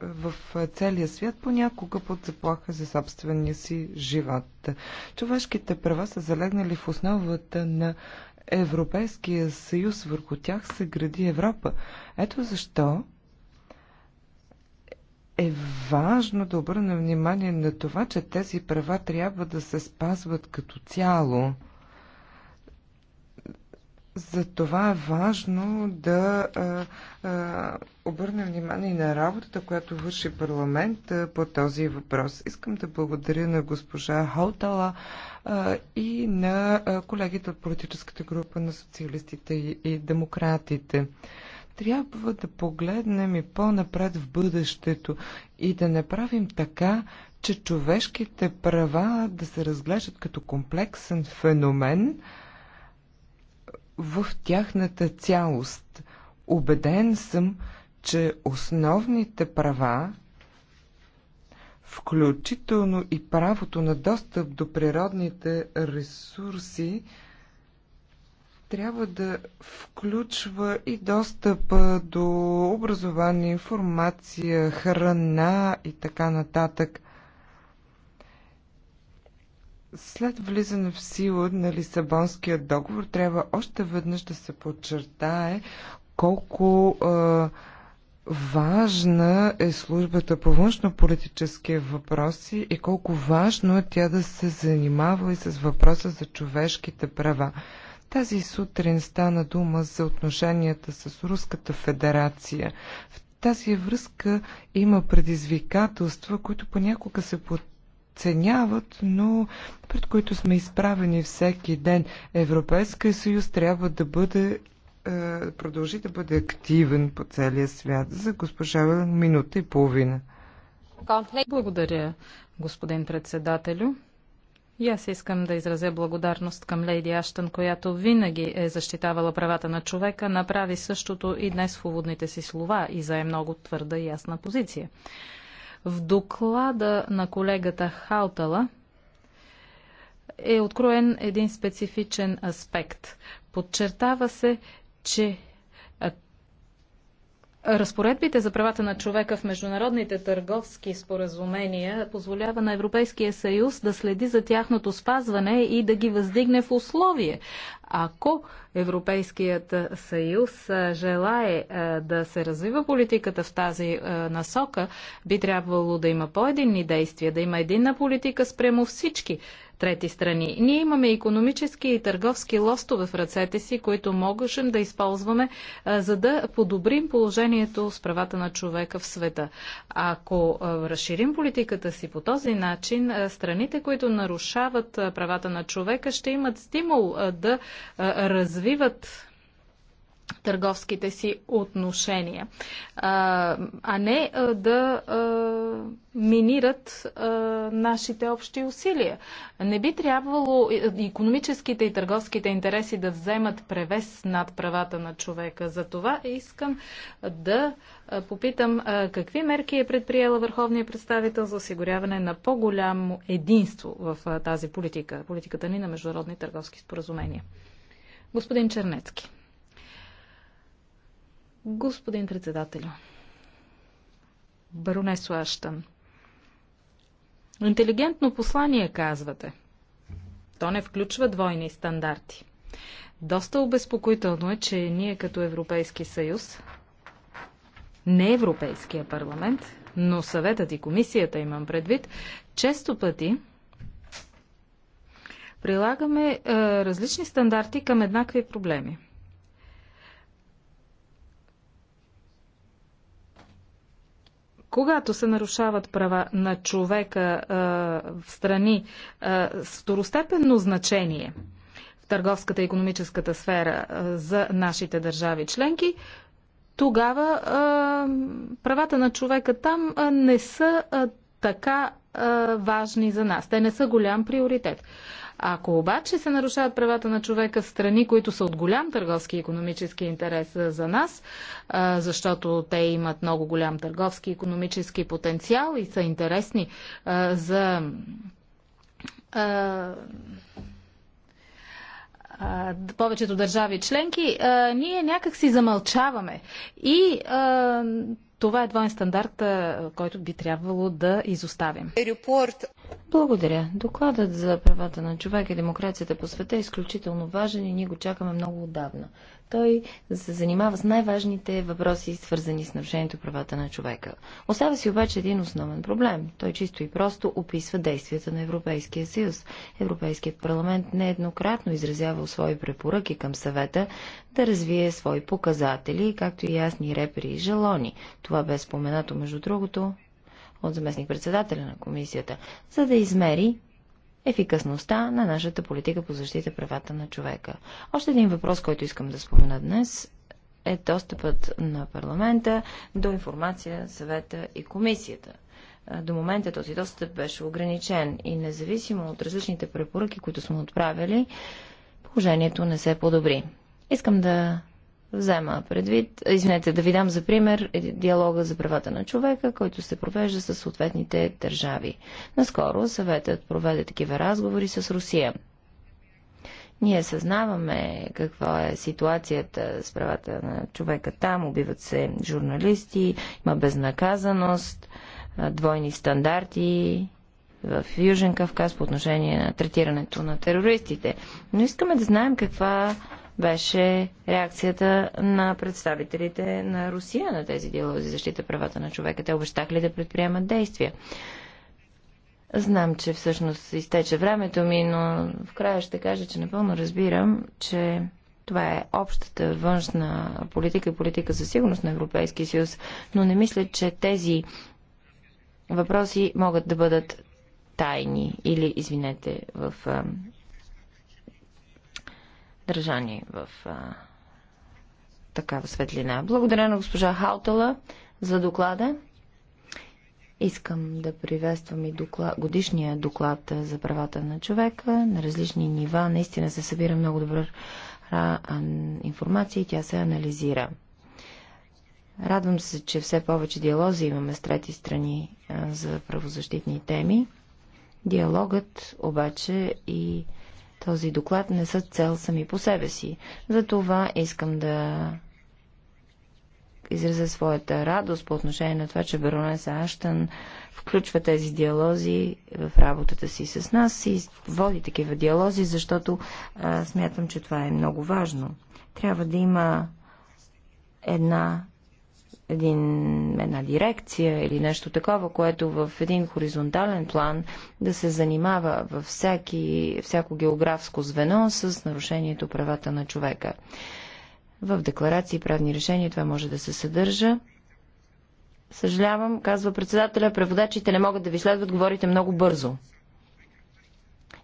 в е, целия свят, понякога под заплаха за собствения си живот. Човешките права са залегнали в основата на Европейския съюз, върху тях се гради Европа. Ето защо е важно да обърнем внимание на това, че тези права трябва да се спазват като цяло. Затова е важно да а, а, обърнем внимание на работата, която върши парламент а, по този въпрос. Искам да благодаря на госпожа Хаутала а, и на а, колегите от политическата група на социалистите и, и демократите. Трябва да погледнем и по-напред в бъдещето и да направим така, че човешките права да се разглеждат като комплексен феномен – в тяхната цялост. Обеден съм, че основните права, включително и правото на достъп до природните ресурси, трябва да включва и достъп до образование, информация, храна и така нататък. След влизане в сила на Лисабонския договор трябва още веднъж да се подчертае колко а, важна е службата по външно-политически въпроси и колко важно е тя да се занимава и с въпроса за човешките права. Тази сутрин стана дума за отношенията с Руската федерация. В тази връзка има предизвикателства, които понякога се под подценяват, но пред които сме изправени всеки ден. Европейския съюз трябва да бъде е, продължи да бъде активен по целия свят за госпожа минута и половина. Благодаря, господин председателю. И аз искам да изразя благодарност към Лейди Аштън, която винаги е защитавала правата на човека, направи същото и днес в уводните си слова и зае много твърда и ясна позиция. В доклада на колегата Халтала е откроен един специфичен аспект. Подчертава се, че Разпоредбите за правата на човека в международните търговски споразумения позволява на Европейския съюз да следи за тяхното спазване и да ги въздигне в условие. Ако Европейският съюз желае да се развива политиката в тази насока, би трябвало да има по-единни действия, да има единна политика спрямо всички трети страни. Ние имаме економически и търговски лостове в ръцете си, които можем да използваме, за да подобрим положението с правата на човека в света. Ако разширим политиката си по този начин, страните, които нарушават правата на човека, ще имат стимул да развиват търговските си отношения, а, а не да а, минират а, нашите общи усилия. Не би трябвало економическите и търговските интереси да вземат превес над правата на човека. За това искам да попитам какви мерки е предприела Върховния представител за осигуряване на по-голямо единство в тази политика, политиката ни на международни търговски споразумения. Господин Чернецки. Господин председател, баронесо Аштън, интелигентно послание казвате. То не включва двойни стандарти. Доста обезпокоително е, че ние като Европейски съюз, не Европейския парламент, но съветът и комисията имам предвид, често пъти прилагаме е, различни стандарти към еднакви проблеми. Когато се нарушават права на човека в страни с второстепенно значение в търговската и економическата сфера за нашите държави членки, тогава правата на човека там не са така важни за нас. Те не са голям приоритет. Ако обаче се нарушават правата на човека в страни, които са от голям търговски и економически интерес за нас, защото те имат много голям търговски и економически потенциал и са интересни за повечето държави членки, ние някак си замълчаваме. И това е двоен стандарт, който би трябвало да изоставим. Благодаря. Докладът за правата на човека и демокрацията по света е изключително важен и ние го чакаме много отдавна. Той се занимава с най-важните въпроси, свързани с нарушението правата на човека. Остава си обаче един основен проблем. Той чисто и просто описва действията на Европейския съюз. Европейският парламент нееднократно изразява свои препоръки към съвета да развие свои показатели, както и ясни репери и жалони. Това бе споменато, между другото, от заместник-председателя на комисията, за да измери ефикасността на нашата политика по защита правата на човека. Още един въпрос, който искам да спомена днес е достъпът на парламента до информация, съвета и комисията. До момента този достъп беше ограничен и независимо от различните препоръки, които сме отправили, положението не се подобри. Искам да взема предвид, извинете, да ви дам за пример диалога за правата на човека, който се провежда с съответните държави. Наскоро съветът проведе такива разговори с Русия. Ние съзнаваме каква е ситуацията с правата на човека там, убиват се журналисти, има безнаказаност, двойни стандарти в Южен Кавказ по отношение на третирането на терористите. Но искаме да знаем каква беше реакцията на представителите на Русия на тези диалози за защита правата на човека? Те обещах ли да предприемат действия? Знам, че всъщност изтече времето ми, но в края ще кажа, че напълно разбирам, че това е общата външна политика и политика за сигурност на Европейския съюз, но не мисля, че тези въпроси могат да бъдат тайни или, извинете, в държани в а, такава светлина. Благодаря на госпожа Хаутала за доклада. Искам да приветствам и доклад, годишния доклад за правата на човека на различни нива. Наистина се събира много добра информация и тя се анализира. Радвам се, че все повече диалози имаме с трети страни за правозащитни теми. Диалогът обаче и този доклад не са цел сами по себе си. Затова искам да изразя своята радост по отношение на това, че баронеса Аштън включва тези диалози в работата си с нас и води такива диалози, защото а, смятам, че това е много важно. Трябва да има една един, една дирекция или нещо такова, което в един хоризонтален план да се занимава във всяки, всяко географско звено с нарушението правата на човека. В декларации и правни решения това може да се съдържа. Съжалявам, казва председателя, преводачите не могат да ви следват, говорите много бързо.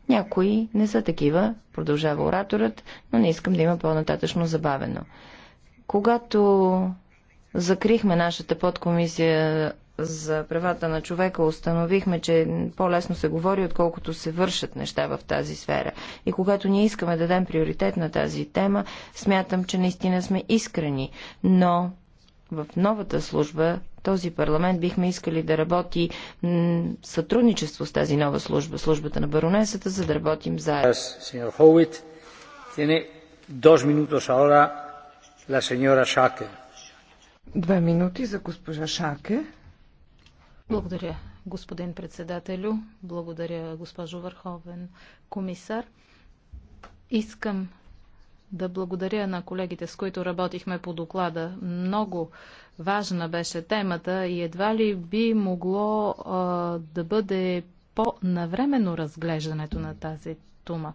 Някои не са такива, продължава ораторът, но не искам да има по-нататъчно забавено. Когато закрихме нашата подкомисия за правата на човека, установихме, че по-лесно се говори, отколкото се вършат неща в тази сфера. И когато ние искаме да дадем приоритет на тази тема, смятам, че наистина сме искрени. Но в новата служба, този парламент, бихме искали да работи сътрудничество с тази нова служба, службата на баронесата, за да работим заедно. Сеньор Хоуит, dos minutos ahora la señora Шакер. Две минути за госпожа Шаке. Благодаря, господин председателю. Благодаря, госпожо Върховен комисар. Искам да благодаря на колегите, с които работихме по доклада. Много важна беше темата и едва ли би могло а, да бъде по-навременно разглеждането на тази, тума,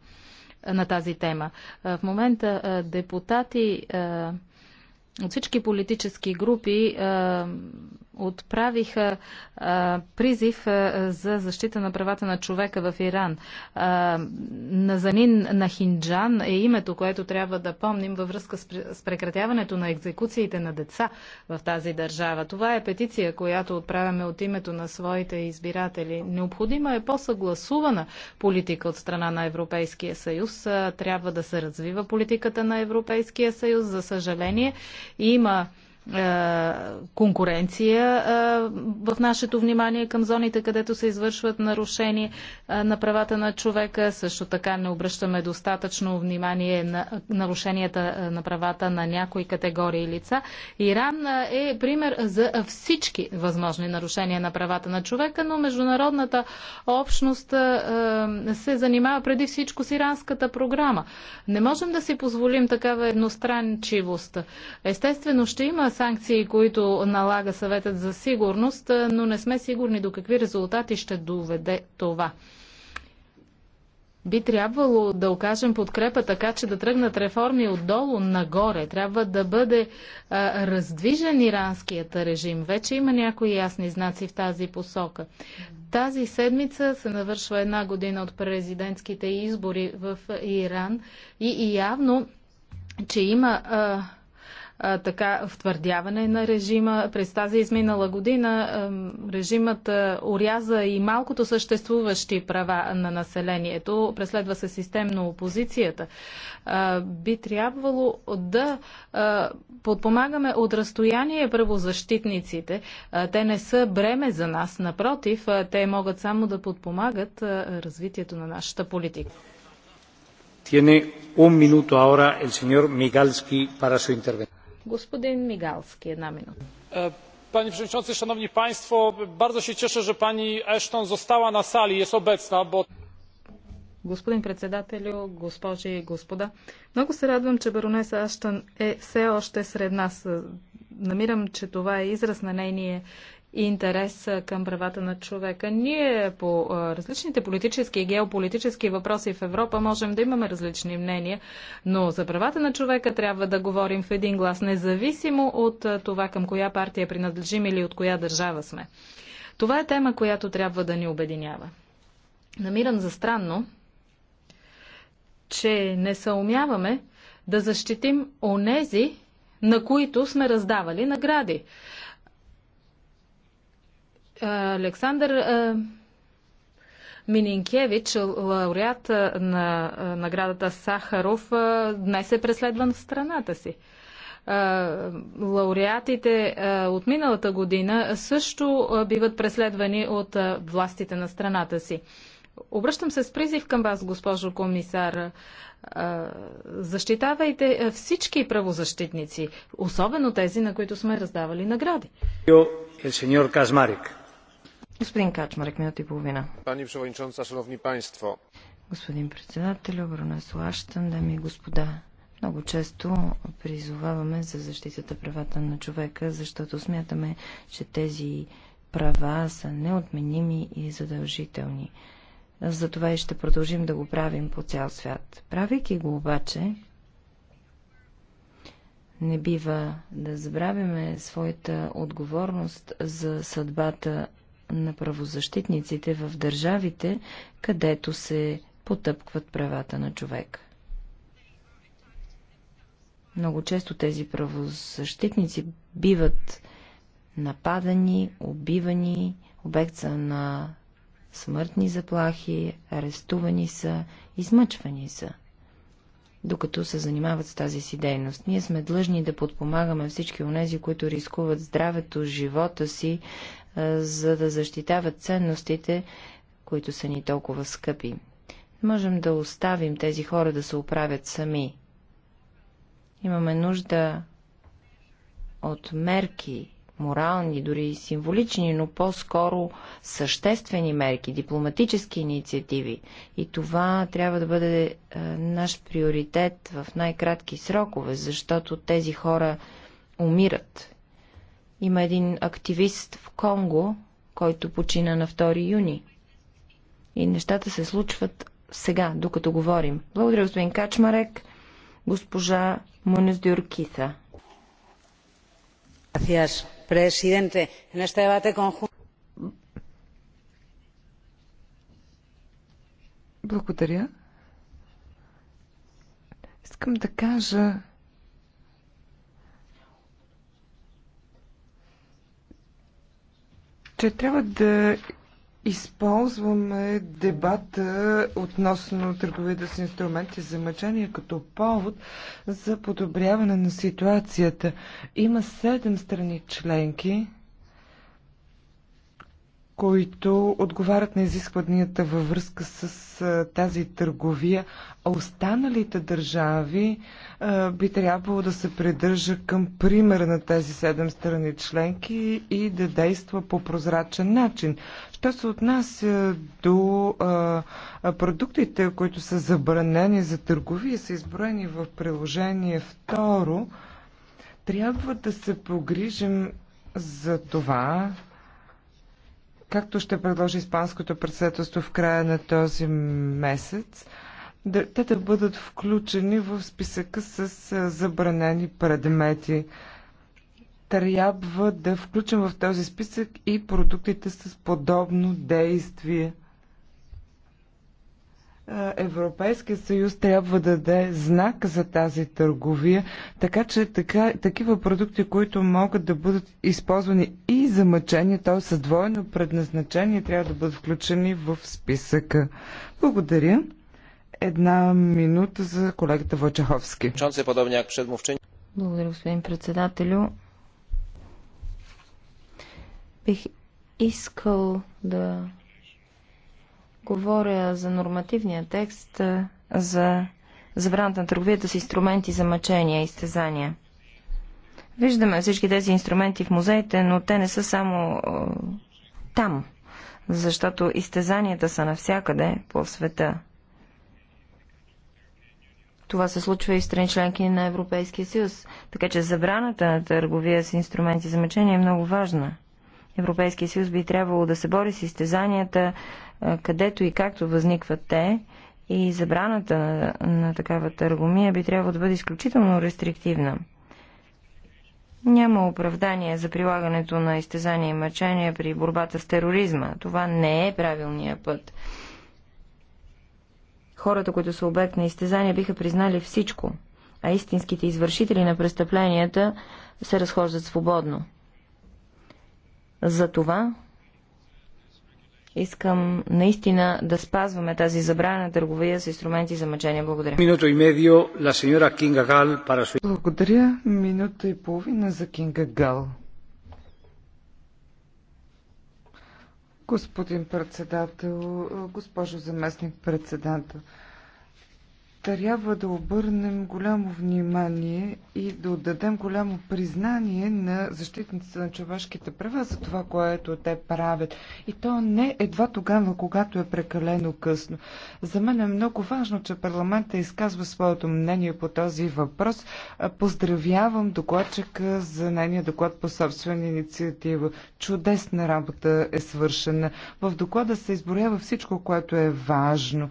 на тази тема. В момента а, депутати. А, от всички политически групи е, отправиха а, призив а, за защита на правата на човека в Иран. А, Назанин Нахинджан е името, което трябва да помним във връзка с, с прекратяването на екзекуциите на деца в тази държава. Това е петиция, която отправяме от името на своите избиратели. Необходима е по-съгласувана политика от страна на Европейския съюз. А, трябва да се развива политиката на Европейския съюз. За съжаление, има е, конкуренция е, в нашето внимание към зоните, където се извършват нарушения е, на правата на човека. Също така не обръщаме достатъчно внимание на нарушенията на правата на някои категории лица. Иран е пример за всички възможни нарушения на правата на човека, но международната общност се занимава преди всичко с иранската програма. Не можем да си позволим такава едностранчивост. Естествено, ще има санкции, които налага съветът за сигурност, но не сме сигурни до какви резултати ще доведе това. Би трябвало да окажем подкрепа така, че да тръгнат реформи отдолу нагоре. Трябва да бъде а, раздвижен иранският режим. Вече има някои ясни знаци в тази посока. Тази седмица се навършва една година от президентските избори в Иран и, и явно, че има. А, а, така втвърдяване на режима. През тази изминала година а, режимът а, уряза и малкото съществуващи права на населението. Преследва се системно опозицията. А, би трябвало да а, подпомагаме от разстояние правозащитниците. А, те не са бреме за нас. Напротив, а, те могат само да подпомагат а, развитието на нашата политика. Tiene un minuto ahora el señor Migalski para su intervención. Господин Мигалски, една минута. Panie Przewodniczący, Szanowni Państwo, bardzo się cieszę, że Pani Ashton została na sali, jest obecna, bo... Господин председателю, госпожи и господа, много се радвам, че баронеса Аштън е все още сред нас. Е, намирам, че това е израз на нейния и интерес към правата на човека. Ние по различните политически и геополитически въпроси в Европа можем да имаме различни мнения, но за правата на човека трябва да говорим в един глас, независимо от това към коя партия принадлежим или от коя държава сме. Това е тема, която трябва да ни обединява. Намирам за странно, че не съумяваме да защитим онези, на които сме раздавали награди. Александър Мининкевич, лауреат на наградата Сахаров, днес е преследван в страната си. Лауреатите от миналата година също биват преследвани от властите на страната си. Обръщам се с призив към вас, госпожо комисар. Защитавайте всички правозащитници, особено тези, на които сме раздавали награди. Казмарик. Господин Качмарек, минута и половина. Пани Przewodnicząca, Szanowni Państwo. Господин председател, Бронесо Аштан, дами и господа. Много често призоваваме за защитата правата на човека, защото смятаме, че тези права са неотменими и задължителни. Затова и ще продължим да го правим по цял свят. Правейки го обаче, не бива да забравяме своята отговорност за съдбата на правозащитниците в държавите, където се потъпкват правата на човека. Много често тези правозащитници биват нападани, убивани, обект са на смъртни заплахи, арестувани са, измъчвани са докато се занимават с тази си дейност. Ние сме длъжни да подпомагаме всички онези, които рискуват здравето, живота си за да защитават ценностите, които са ни толкова скъпи. Не можем да оставим тези хора да се оправят сами. Имаме нужда от мерки, морални, дори символични, но по-скоро съществени мерки, дипломатически инициативи. И това трябва да бъде е, наш приоритет в най-кратки срокове, защото тези хора умират има един активист в Конго, който почина на 2 юни. И нещата се случват сега, докато говорим. Благодаря, господин Качмарек. Госпожа Мунес Дюркиса. Благодаря. Искам да кажа, че трябва да използваме дебата относно търговията с инструменти за мъчение като повод за подобряване на ситуацията. Има седем страни членки, които отговарят на изискванията във връзка с тази търговия, а останалите държави би трябвало да се придържа към примера на тези седем страни членки и да действа по прозрачен начин. Що се отнася до продуктите, които са забранени за търговия, са изброени в приложение 2, трябва да се погрижим за това, както ще предложи Испанското председателство в края на този месец, да, те да бъдат включени в списъка с забранени предмети. Трябва да включим в този списък и продуктите с подобно действие. Европейския съюз трябва да даде знак за тази търговия, така че така, такива продукти, които могат да бъдат използвани и за мъчение, т.е. с двойно предназначение, трябва да бъдат включени в списъка. Благодаря. Една минута за колегата Вочаховски. Благодаря, господин председателю. Бих искал да Говоря за нормативния текст за забраната на търговията с инструменти за мъчения и изтезания. Виждаме всички тези инструменти в музеите, но те не са само там, защото изтезанията са навсякъде по света. Това се случва и в страни членки на Европейския съюз, така че забраната на търговия с инструменти за мъчение е много важна. Европейския съюз би трябвало да се бори с изтезанията, където и както възникват те, и забраната на, на такава търгомия би трябвало да бъде изключително рестриктивна. Няма оправдание за прилагането на изтезания и мъчения при борбата с тероризма. Това не е правилният път. Хората, които са обект на изтезания, биха признали всичко, а истинските извършители на престъпленията се разхождат свободно. За това. Искам наистина да спазваме тази забрана на търговия с инструменти за мъчение. Благодаря. Минуто и медио, la señora Кинга Гал, para su... Благодаря. Минута и половина за Кинга Гал. Господин председател, госпожо заместник председател, трябва да обърнем голямо внимание и да отдадем голямо признание на защитниците на човешките права за това, което те правят. И то не едва тогава, когато е прекалено късно. За мен е много важно, че парламента изказва своето мнение по този въпрос. Поздравявам докладчика за нейния доклад по собствена инициатива. Чудесна работа е свършена. В доклада се изборява всичко, което е важно.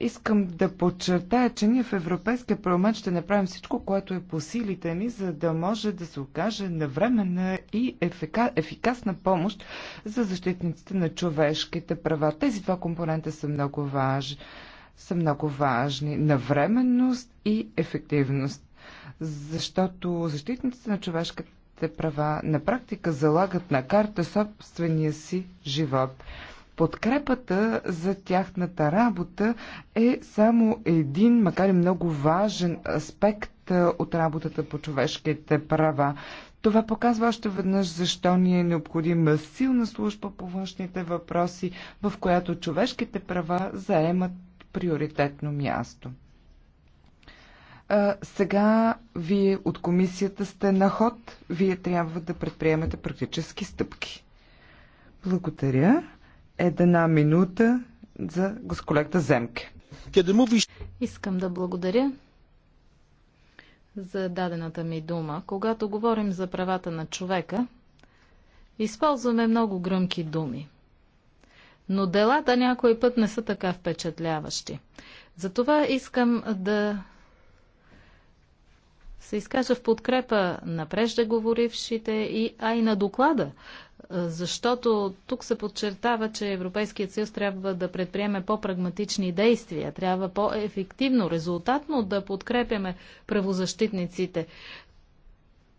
Искам да подчертая, че ние в Европейския парламент ще направим всичко, което е по силите ни, за да може да се окаже навременна и ефика, ефикасна помощ за защитниците на човешките права. Тези два компонента са много важни. Са много важни. Навременност и ефективност. Защото защитниците на човешките права на практика залагат на карта собствения си живот. Подкрепата за тяхната работа е само един, макар и много важен аспект е, от работата по човешките права. Това показва още веднъж защо ни е необходима силна служба по външните въпроси, в която човешките права заемат приоритетно място. А, сега вие от комисията сте на ход, вие трябва да предприемете практически стъпки. Благодаря една минута за госколекта Земке. Искам да благодаря за дадената ми дума. Когато говорим за правата на човека, използваме много гръмки думи. Но делата някой път не са така впечатляващи. Затова искам да се изкажа в подкрепа на преждеговорившите, и, а и на доклада, защото тук се подчертава, че Европейският съюз трябва да предприеме по-прагматични действия, трябва по-ефективно, резултатно да подкрепяме правозащитниците.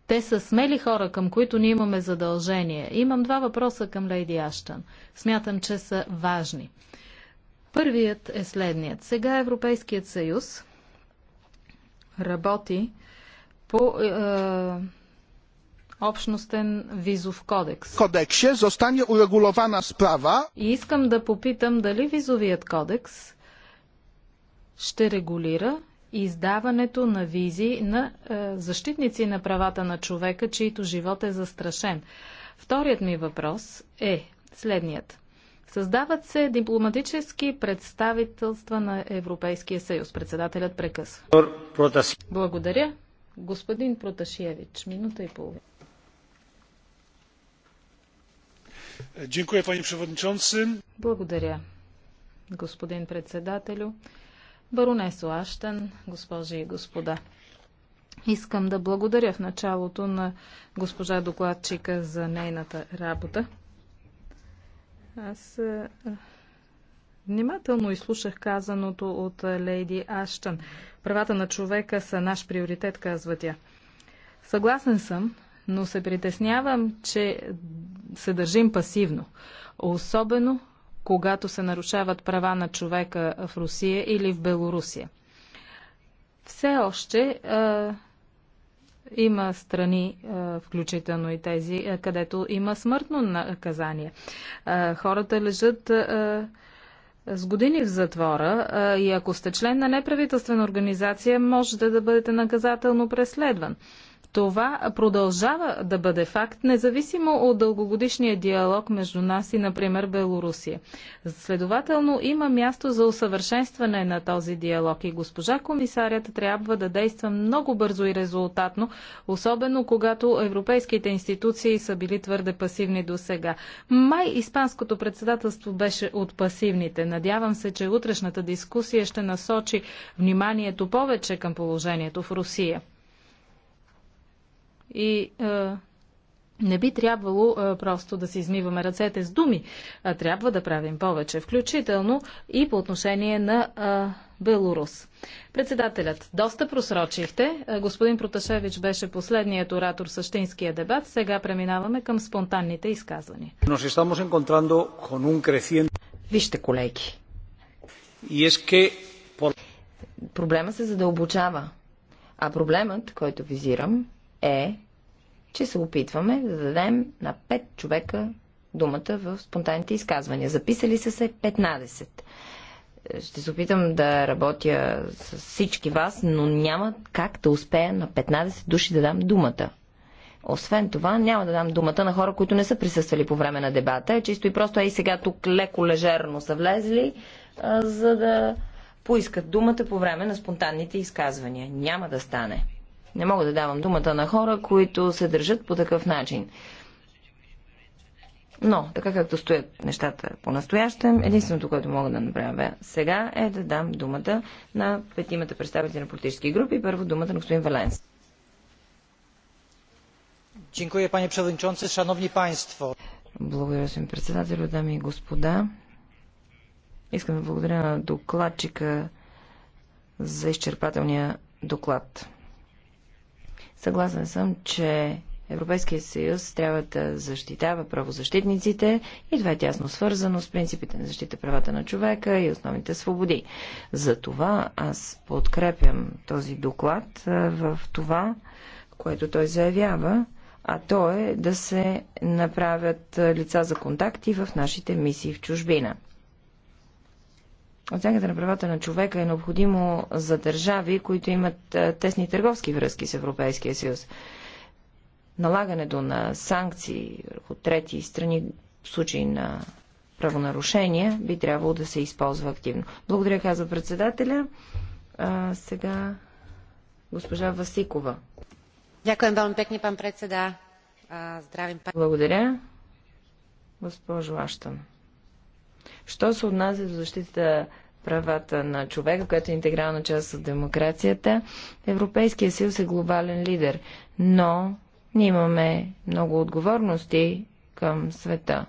Те са смели хора, към които ние имаме задължение. Имам два въпроса към Лейди Аштън. Смятам, че са важни. Първият е следният. Сега Европейският съюз работи по е, общностен визов кодекс. Кодексе zostanie урегулована справа. И искам да попитам дали визовият кодекс ще регулира издаването на визи на е, защитници на правата на човека, чийто живот е застрашен. Вторият ми въпрос е следният. Създават се дипломатически представителства на Европейския съюз. Председателят прекъсва. Благодаря. Господин Проташиевич, минута и половина. Благодаря, господин председателю. Баронесо Аштен, госпожи и господа. Искам да благодаря в началото на госпожа докладчика за нейната работа. Аз внимателно изслушах казаното от Лейди Аштън. Правата на човека са наш приоритет, казва тя. Съгласен съм, но се притеснявам, че се държим пасивно. Особено когато се нарушават права на човека в Русия или в Белорусия. Все още а, има страни, а, включително и тези, а, където има смъртно наказание. А, хората лежат. А, с години в затвора а, и ако сте член на неправителствена организация, можете да бъдете наказателно преследван. Това продължава да бъде факт, независимо от дългогодишния диалог между нас и, например, Белорусия. Следователно, има място за усъвършенстване на този диалог и госпожа комисарят трябва да действа много бързо и резултатно, особено когато европейските институции са били твърде пасивни до сега. Май испанското председателство беше от пасивните. Надявам се, че утрешната дискусия ще насочи вниманието повече към положението в Русия. И е, не би трябвало е, просто да си измиваме ръцете с думи, а трябва да правим повече, включително и по отношение на е, Белорус. Председателят, доста просрочихте. Е, господин Проташевич беше последният оратор в същинския дебат. Сега преминаваме към спонтанните изказвания. Вижте, колеги. Е Проблема се задълбочава. А проблемът, който визирам, е, че се опитваме да дадем на 5 човека думата в спонтанните изказвания. Записали са се 15. Ще се опитам да работя с всички вас, но няма как да успея на 15 души да дам думата. Освен това, няма да дам думата на хора, които не са присъствали по време на дебата. Е чисто и просто ей сега тук леко лежерно са влезли, а, за да поискат думата по време на спонтанните изказвания. Няма да стане. Не мога да давам думата на хора, които се държат по такъв начин. Но, така както стоят нещата по-настоящем, единственото, което мога да направя сега е да дам думата на петимата представители на политически групи. Първо думата на господин Валенс. Благодаря, господин председател, дами и господа. Искам да благодаря на докладчика за изчерпателния доклад. Съгласен съм, че Европейския съюз трябва да защитава правозащитниците и това е тясно свързано с принципите на защита правата на човека и основните свободи. Затова аз подкрепям този доклад в това, което той заявява, а то е да се направят лица за контакти в нашите мисии в чужбина. Оценката на правата на човека е необходимо за държави, които имат тесни търговски връзки с Европейския съюз. Налагането на санкции върху трети страни в случай на правонарушения би трябвало да се използва активно. Благодаря, казва председателя. А, сега госпожа Васикова. Дякуем вам пекни, пан председа. Здравим пан. Благодаря. Госпожо Аштан. Що се отнася за защита правата на човека, която е интегрална част от демокрацията, Европейския съюз е глобален лидер, но ние имаме много отговорности към света.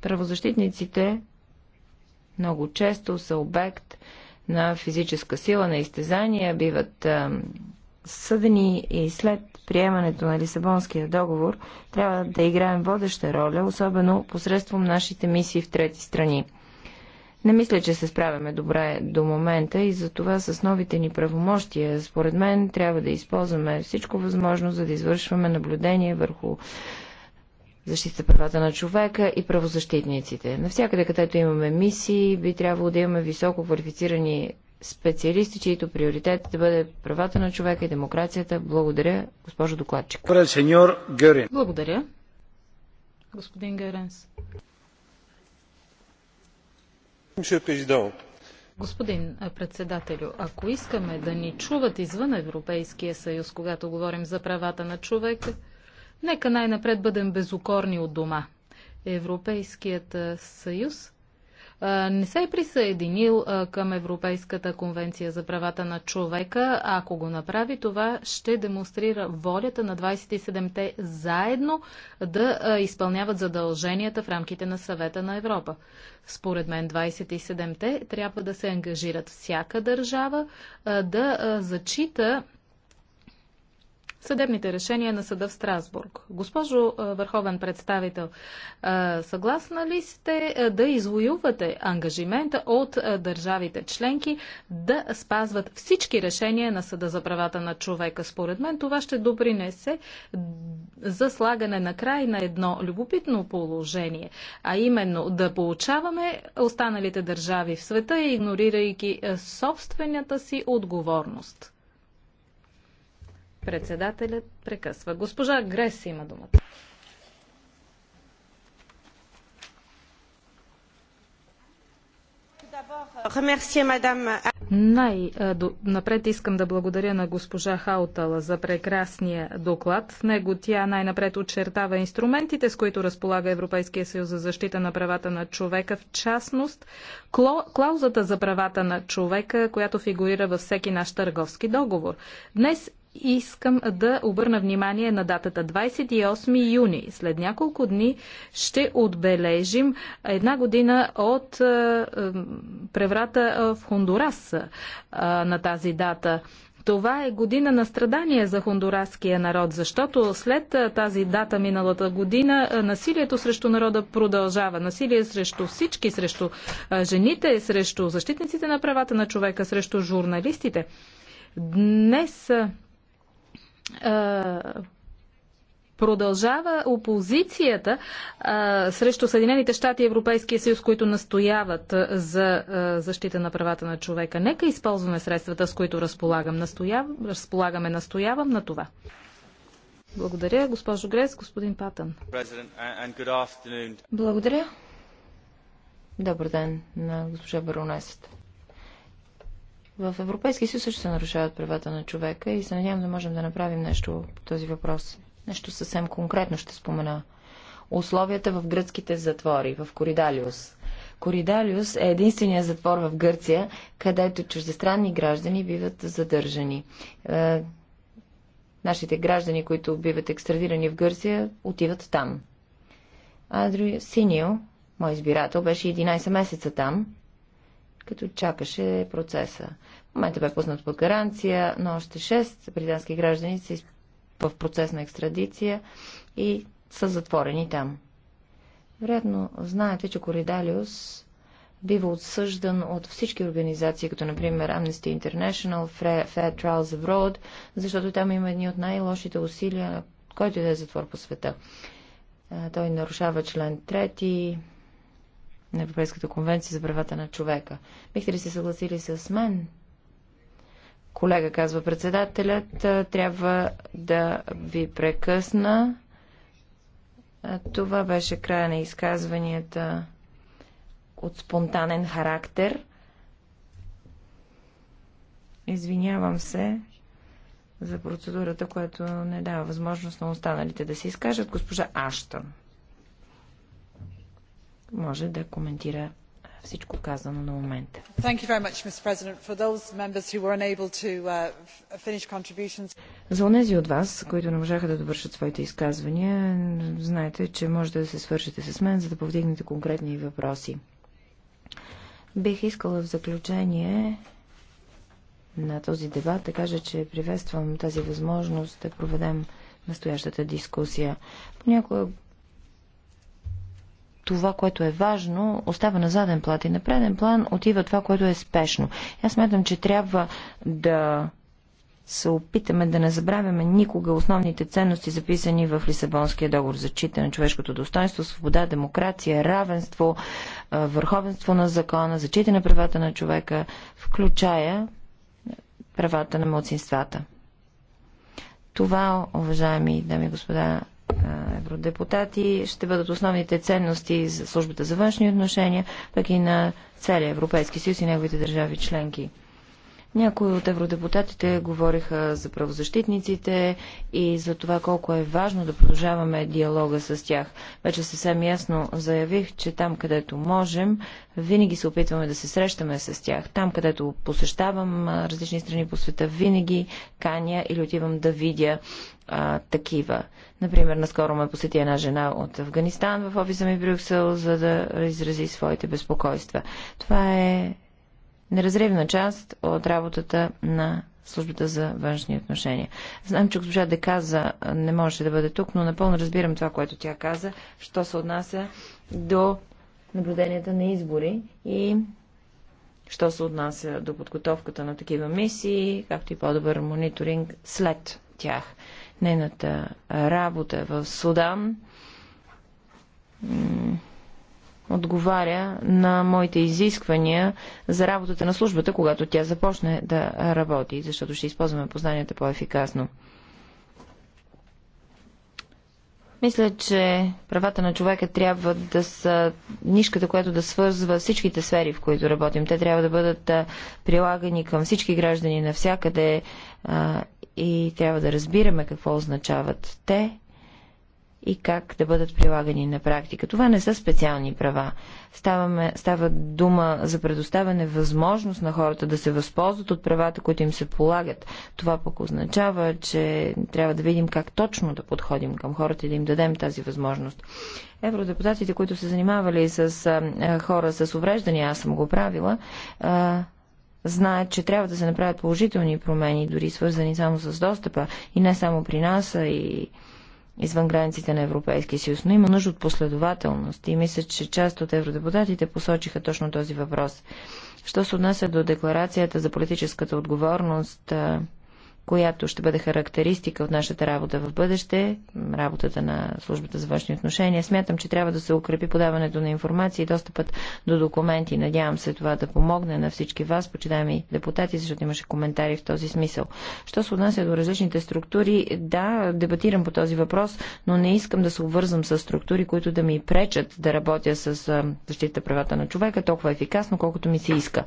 Правозащитниците много често са обект на физическа сила, на изтезания, биват съдени и след приемането на Лисабонския договор, трябва да играем водеща роля, особено посредством нашите мисии в трети страни. Не мисля, че се справяме добре до момента и за това с новите ни правомощия, според мен, трябва да използваме всичко възможно, за да извършваме наблюдение върху защита правата на човека и правозащитниците. Навсякъде, където имаме мисии, би трябвало да имаме високо квалифицирани специалисти, чието приоритет е да бъде правата на човека и демокрацията. Благодаря, госпожо докладчик. Благодаря. Господин Геренс. Господин председателю, ако искаме да ни чуват извън Европейския съюз, когато говорим за правата на човека, нека най-напред бъдем безукорни от дома. Европейският съюз е, не се е присъединил е, към Европейската конвенция за правата на човека. ако го направи, това ще демонстрира волята на 27-те заедно да е, изпълняват задълженията в рамките на съвета на Европа. Според мен 27-те трябва да се ангажират всяка държава да зачита съдебните решения на съда в Страсбург. Госпожо върховен представител, съгласна ли сте да извоювате ангажимента от държавите членки да спазват всички решения на съда за правата на човека? Според мен това ще допринесе за слагане на край на едно любопитно положение, а именно да получаваме останалите държави в света, игнорирайки собствената си отговорност. Председателят прекъсва. Госпожа Грес има думата. Най-напред искам да благодаря на госпожа Хаутала за прекрасния доклад. В него тя най-напред очертава инструментите, с които разполага Европейския съюз за защита на правата на човека, в частност клаузата за правата на човека, която фигурира във всеки наш търговски договор. Днес искам да обърна внимание на датата 28 юни. След няколко дни ще отбележим една година от е, е, преврата в Хондурас е, на тази дата. Това е година на страдание за хондураския народ, защото след тази дата миналата година насилието срещу народа продължава. Насилие срещу всички, срещу жените, срещу защитниците на правата на човека, срещу журналистите. Днес е, продължава опозицията а, е, срещу Съединените щати и Европейския съюз, които настояват е, за а, защита на правата на човека. Нека използваме средствата, с които разполагам. Настояв... Разполагаме, настоявам на това. Благодаря, госпожо Грес, господин Патън. Благодаря. Добър ден на госпожа Баронесата. В Европейския съюз също се нарушават правата на човека и се надявам да можем да направим нещо по този въпрос. Нещо съвсем конкретно ще спомена. Условията в гръцките затвори, в Коридалиус. Коридалиус е единствения затвор в Гърция, където чуждестранни граждани биват задържани. Е, нашите граждани, които биват екстрадирани в Гърция, отиват там. Адрио Синио, мой избирател, беше 11 месеца там като чакаше процеса. В момента бе пуснат под гаранция, но още 6 британски граждани са в процес на екстрадиция и са затворени там. Вероятно знаете, че Коридалиус бива отсъждан от всички организации, като например Amnesty International, Fair Trials Abroad, защото там има едни от най-лошите усилия, който и да е затвор по света. Той нарушава член 3, на Европейската конвенция за правата на човека. Бихте ли се съгласили с мен? Колега, казва председателят, трябва да ви прекъсна. Това беше края на изказванията от спонтанен характер. Извинявам се за процедурата, която не дава възможност на останалите да се изкажат. Госпожа Аштън може да коментира всичко казано на момента. Uh, за онези от вас, които не можаха да довършат своите изказвания, знаете, че можете да се свършите с мен, за да повдигнете конкретни въпроси. Бих искала в заключение на този дебат да кажа, че приветствам тази възможност да проведем настоящата дискусия. Понякога това, което е важно, остава на заден план и на преден план отива това, което е спешно. Аз смятам, че трябва да се опитаме да не забравяме никога основните ценности, записани в Лисабонския договор за чита на човешкото достоинство, свобода, демокрация, равенство, върховенство на закона, зачита на правата на човека, включая правата на младсинствата. Това, уважаеми дами и господа евродепутати ще бъдат основните ценности за службата за външни отношения, пък и на целия Европейски съюз и неговите държави членки. Някои от евродепутатите говориха за правозащитниците и за това колко е важно да продължаваме диалога с тях. Вече съвсем ясно заявих, че там, където можем, винаги се опитваме да се срещаме с тях. Там, където посещавам различни страни по света, винаги каня или отивам да видя а, такива. Например, наскоро ме посети една жена от Афганистан в офиса ми в Брюксел, за да изрази своите безпокойства. Това е неразривна част от работата на службата за външни отношения. Знам, че госпожа Деказа не може да бъде тук, но напълно разбирам това, което тя каза, що се отнася до наблюденията на избори и що се отнася до подготовката на такива мисии, както и по-добър мониторинг след тях. Нейната работа в Судан отговаря на моите изисквания за работата на службата, когато тя започне да работи, защото ще използваме познанията по-ефикасно. Мисля, че правата на човека трябва да са нишката, която да свързва всичките сфери, в които работим. Те трябва да бъдат прилагани към всички граждани навсякъде и трябва да разбираме какво означават те и как да бъдат прилагани на практика. Това не са специални права. Ставаме, става дума за предоставяне възможност на хората да се възползват от правата, които им се полагат. Това пък означава, че трябва да видим как точно да подходим към хората и да им дадем тази възможност. Евродепутатите, които се занимавали с а, хора с увреждания, аз съм го правила, а, знаят, че трябва да се направят положителни промени, дори свързани само с достъпа и не само при нас, а и извън границите на Европейския съюз, но има нужда от последователност и мисля, че част от евродепутатите посочиха точно този въпрос. Що се отнася до декларацията за политическата отговорност, която ще бъде характеристика от нашата работа в бъдеще, работата на службата за външни отношения. Смятам, че трябва да се укрепи подаването на информация и достъпът до документи. Надявам се това да помогне на всички вас, почитаеми депутати, защото имаше коментари в този смисъл. Що се отнася до различните структури, да, дебатирам по този въпрос, но не искам да се обвързвам с структури, които да ми пречат да работя с защита правата на човека толкова ефикасно, колкото ми се иска.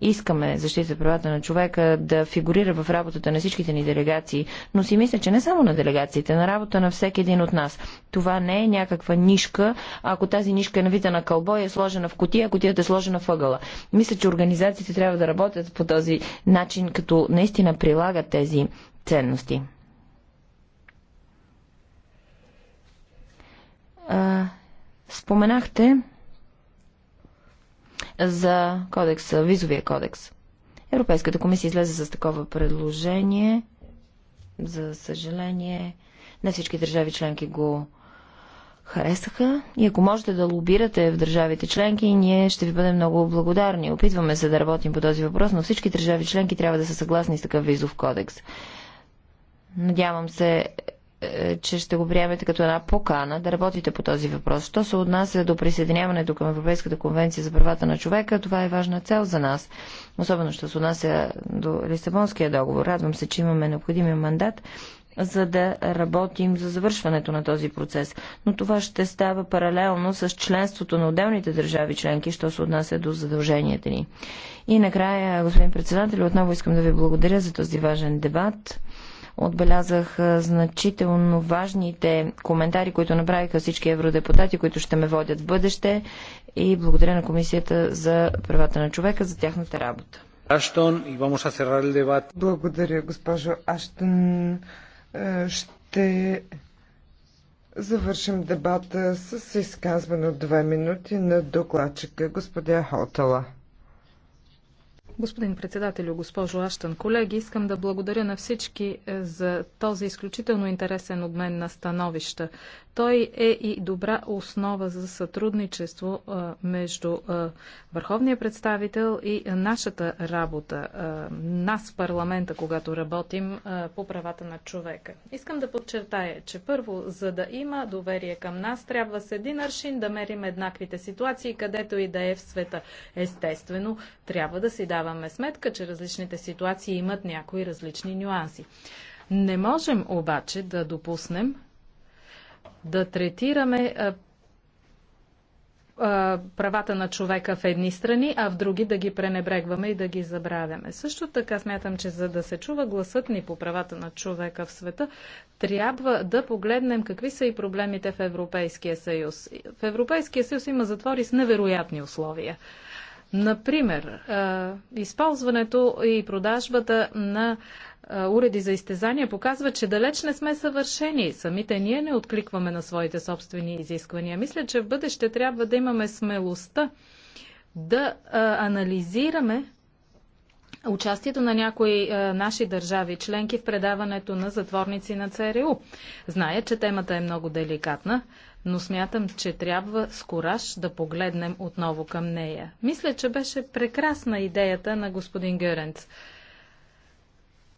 Искаме защита правата на човека да фигурира в работата работата на всичките ни делегации, но си мисля, че не само на делегациите, на работа на всеки един от нас. Това не е някаква нишка, ако тази нишка е навита на кълбо и е сложена в котия, ако котията е сложена в ъгъла. Мисля, че организациите трябва да работят по този начин, като наистина прилагат тези ценности. споменахте за кодекса, визовия кодекс. Европейската комисия излезе с такова предложение. За съжаление, не всички държави членки го харесаха. И ако можете да лобирате в държавите членки, ние ще ви бъдем много благодарни. Опитваме се да работим по този въпрос, но всички държави членки трябва да са съгласни с такъв визов кодекс. Надявам се е, че ще го приемете като една покана да работите по този въпрос. Що се отнася до присъединяването към Европейската конвенция за правата на човека, това е важна цел за нас. Особено, що се отнася до Лисабонския договор. Радвам се, че имаме необходимия мандат за да работим за завършването на този процес. Но това ще става паралелно с членството на отделните държави членки, що се отнася до задълженията ни. И накрая, господин председател, отново искам да ви благодаря за този важен дебат. Отбелязах значително важните коментари, които направиха всички евродепутати, които ще ме водят в бъдеще и благодаря на Комисията за правата на човека за тяхната работа. Благодаря, госпожо Аштон. Е, ще завършим дебата с изказване от две минути на докладчика, господя Хотала. Господин председател, госпожо Аштън, колеги, искам да благодаря на всички е, за този изключително интересен обмен на становища. Той е и добра основа за сътрудничество е, между е, върховния представител и нашата работа, нас парламента, когато работим по правата на човека. Искам да подчертая, че първо, за да има доверие към нас, трябва с един аршин да мерим еднаквите ситуации, където и да е в света. Естествено, трябва да си дава даваме сметка, че различните ситуации имат някои различни нюанси. Не можем обаче да допуснем да третираме правата на човека в едни страни, а в други да ги пренебрегваме и да ги забравяме. Също така смятам, че за да се чува гласът ни по правата на човека в света, трябва да погледнем какви са и проблемите в Европейския съюз. В Европейския съюз има затвори с невероятни условия. Например, използването и продажбата на уреди за изтезания показва, че далеч не сме съвършени. Самите ние не откликваме на своите собствени изисквания. Мисля, че в бъдеще трябва да имаме смелостта да анализираме участието на някои наши държави членки в предаването на затворници на ЦРУ. Зная, че темата е много деликатна, но смятам, че трябва с кораж да погледнем отново към нея. Мисля, че беше прекрасна идеята на господин Гюренц.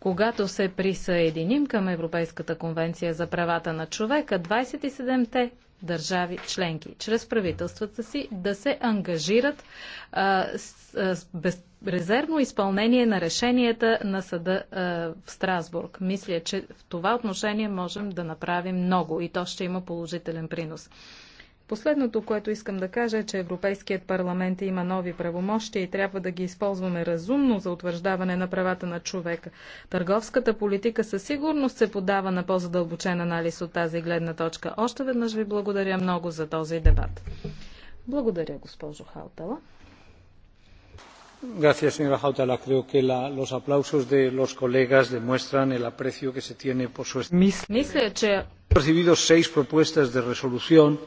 Когато се присъединим към Европейската конвенция за правата на човека, 27-те държави членки, чрез правителствата си, да се ангажират а, с, а, с безрезервно изпълнение на решенията на съда а, в Страсбург. Мисля, че в това отношение можем да направим много и то ще има положителен принос. Последното, което искам да кажа е, че Европейският парламент има нови правомощия и трябва да ги използваме разумно за утвърждаване на правата на човека. Търговската политика със сигурност се подава на по-задълбочен анализ от тази гледна точка. Още веднъж ви благодаря много за този дебат. Благодаря, госпожо Халтала señora hautala creo que los aplausos de los colegas demuestran el aprecio que se tiene por su hemos recibido seis propuestas de resolución.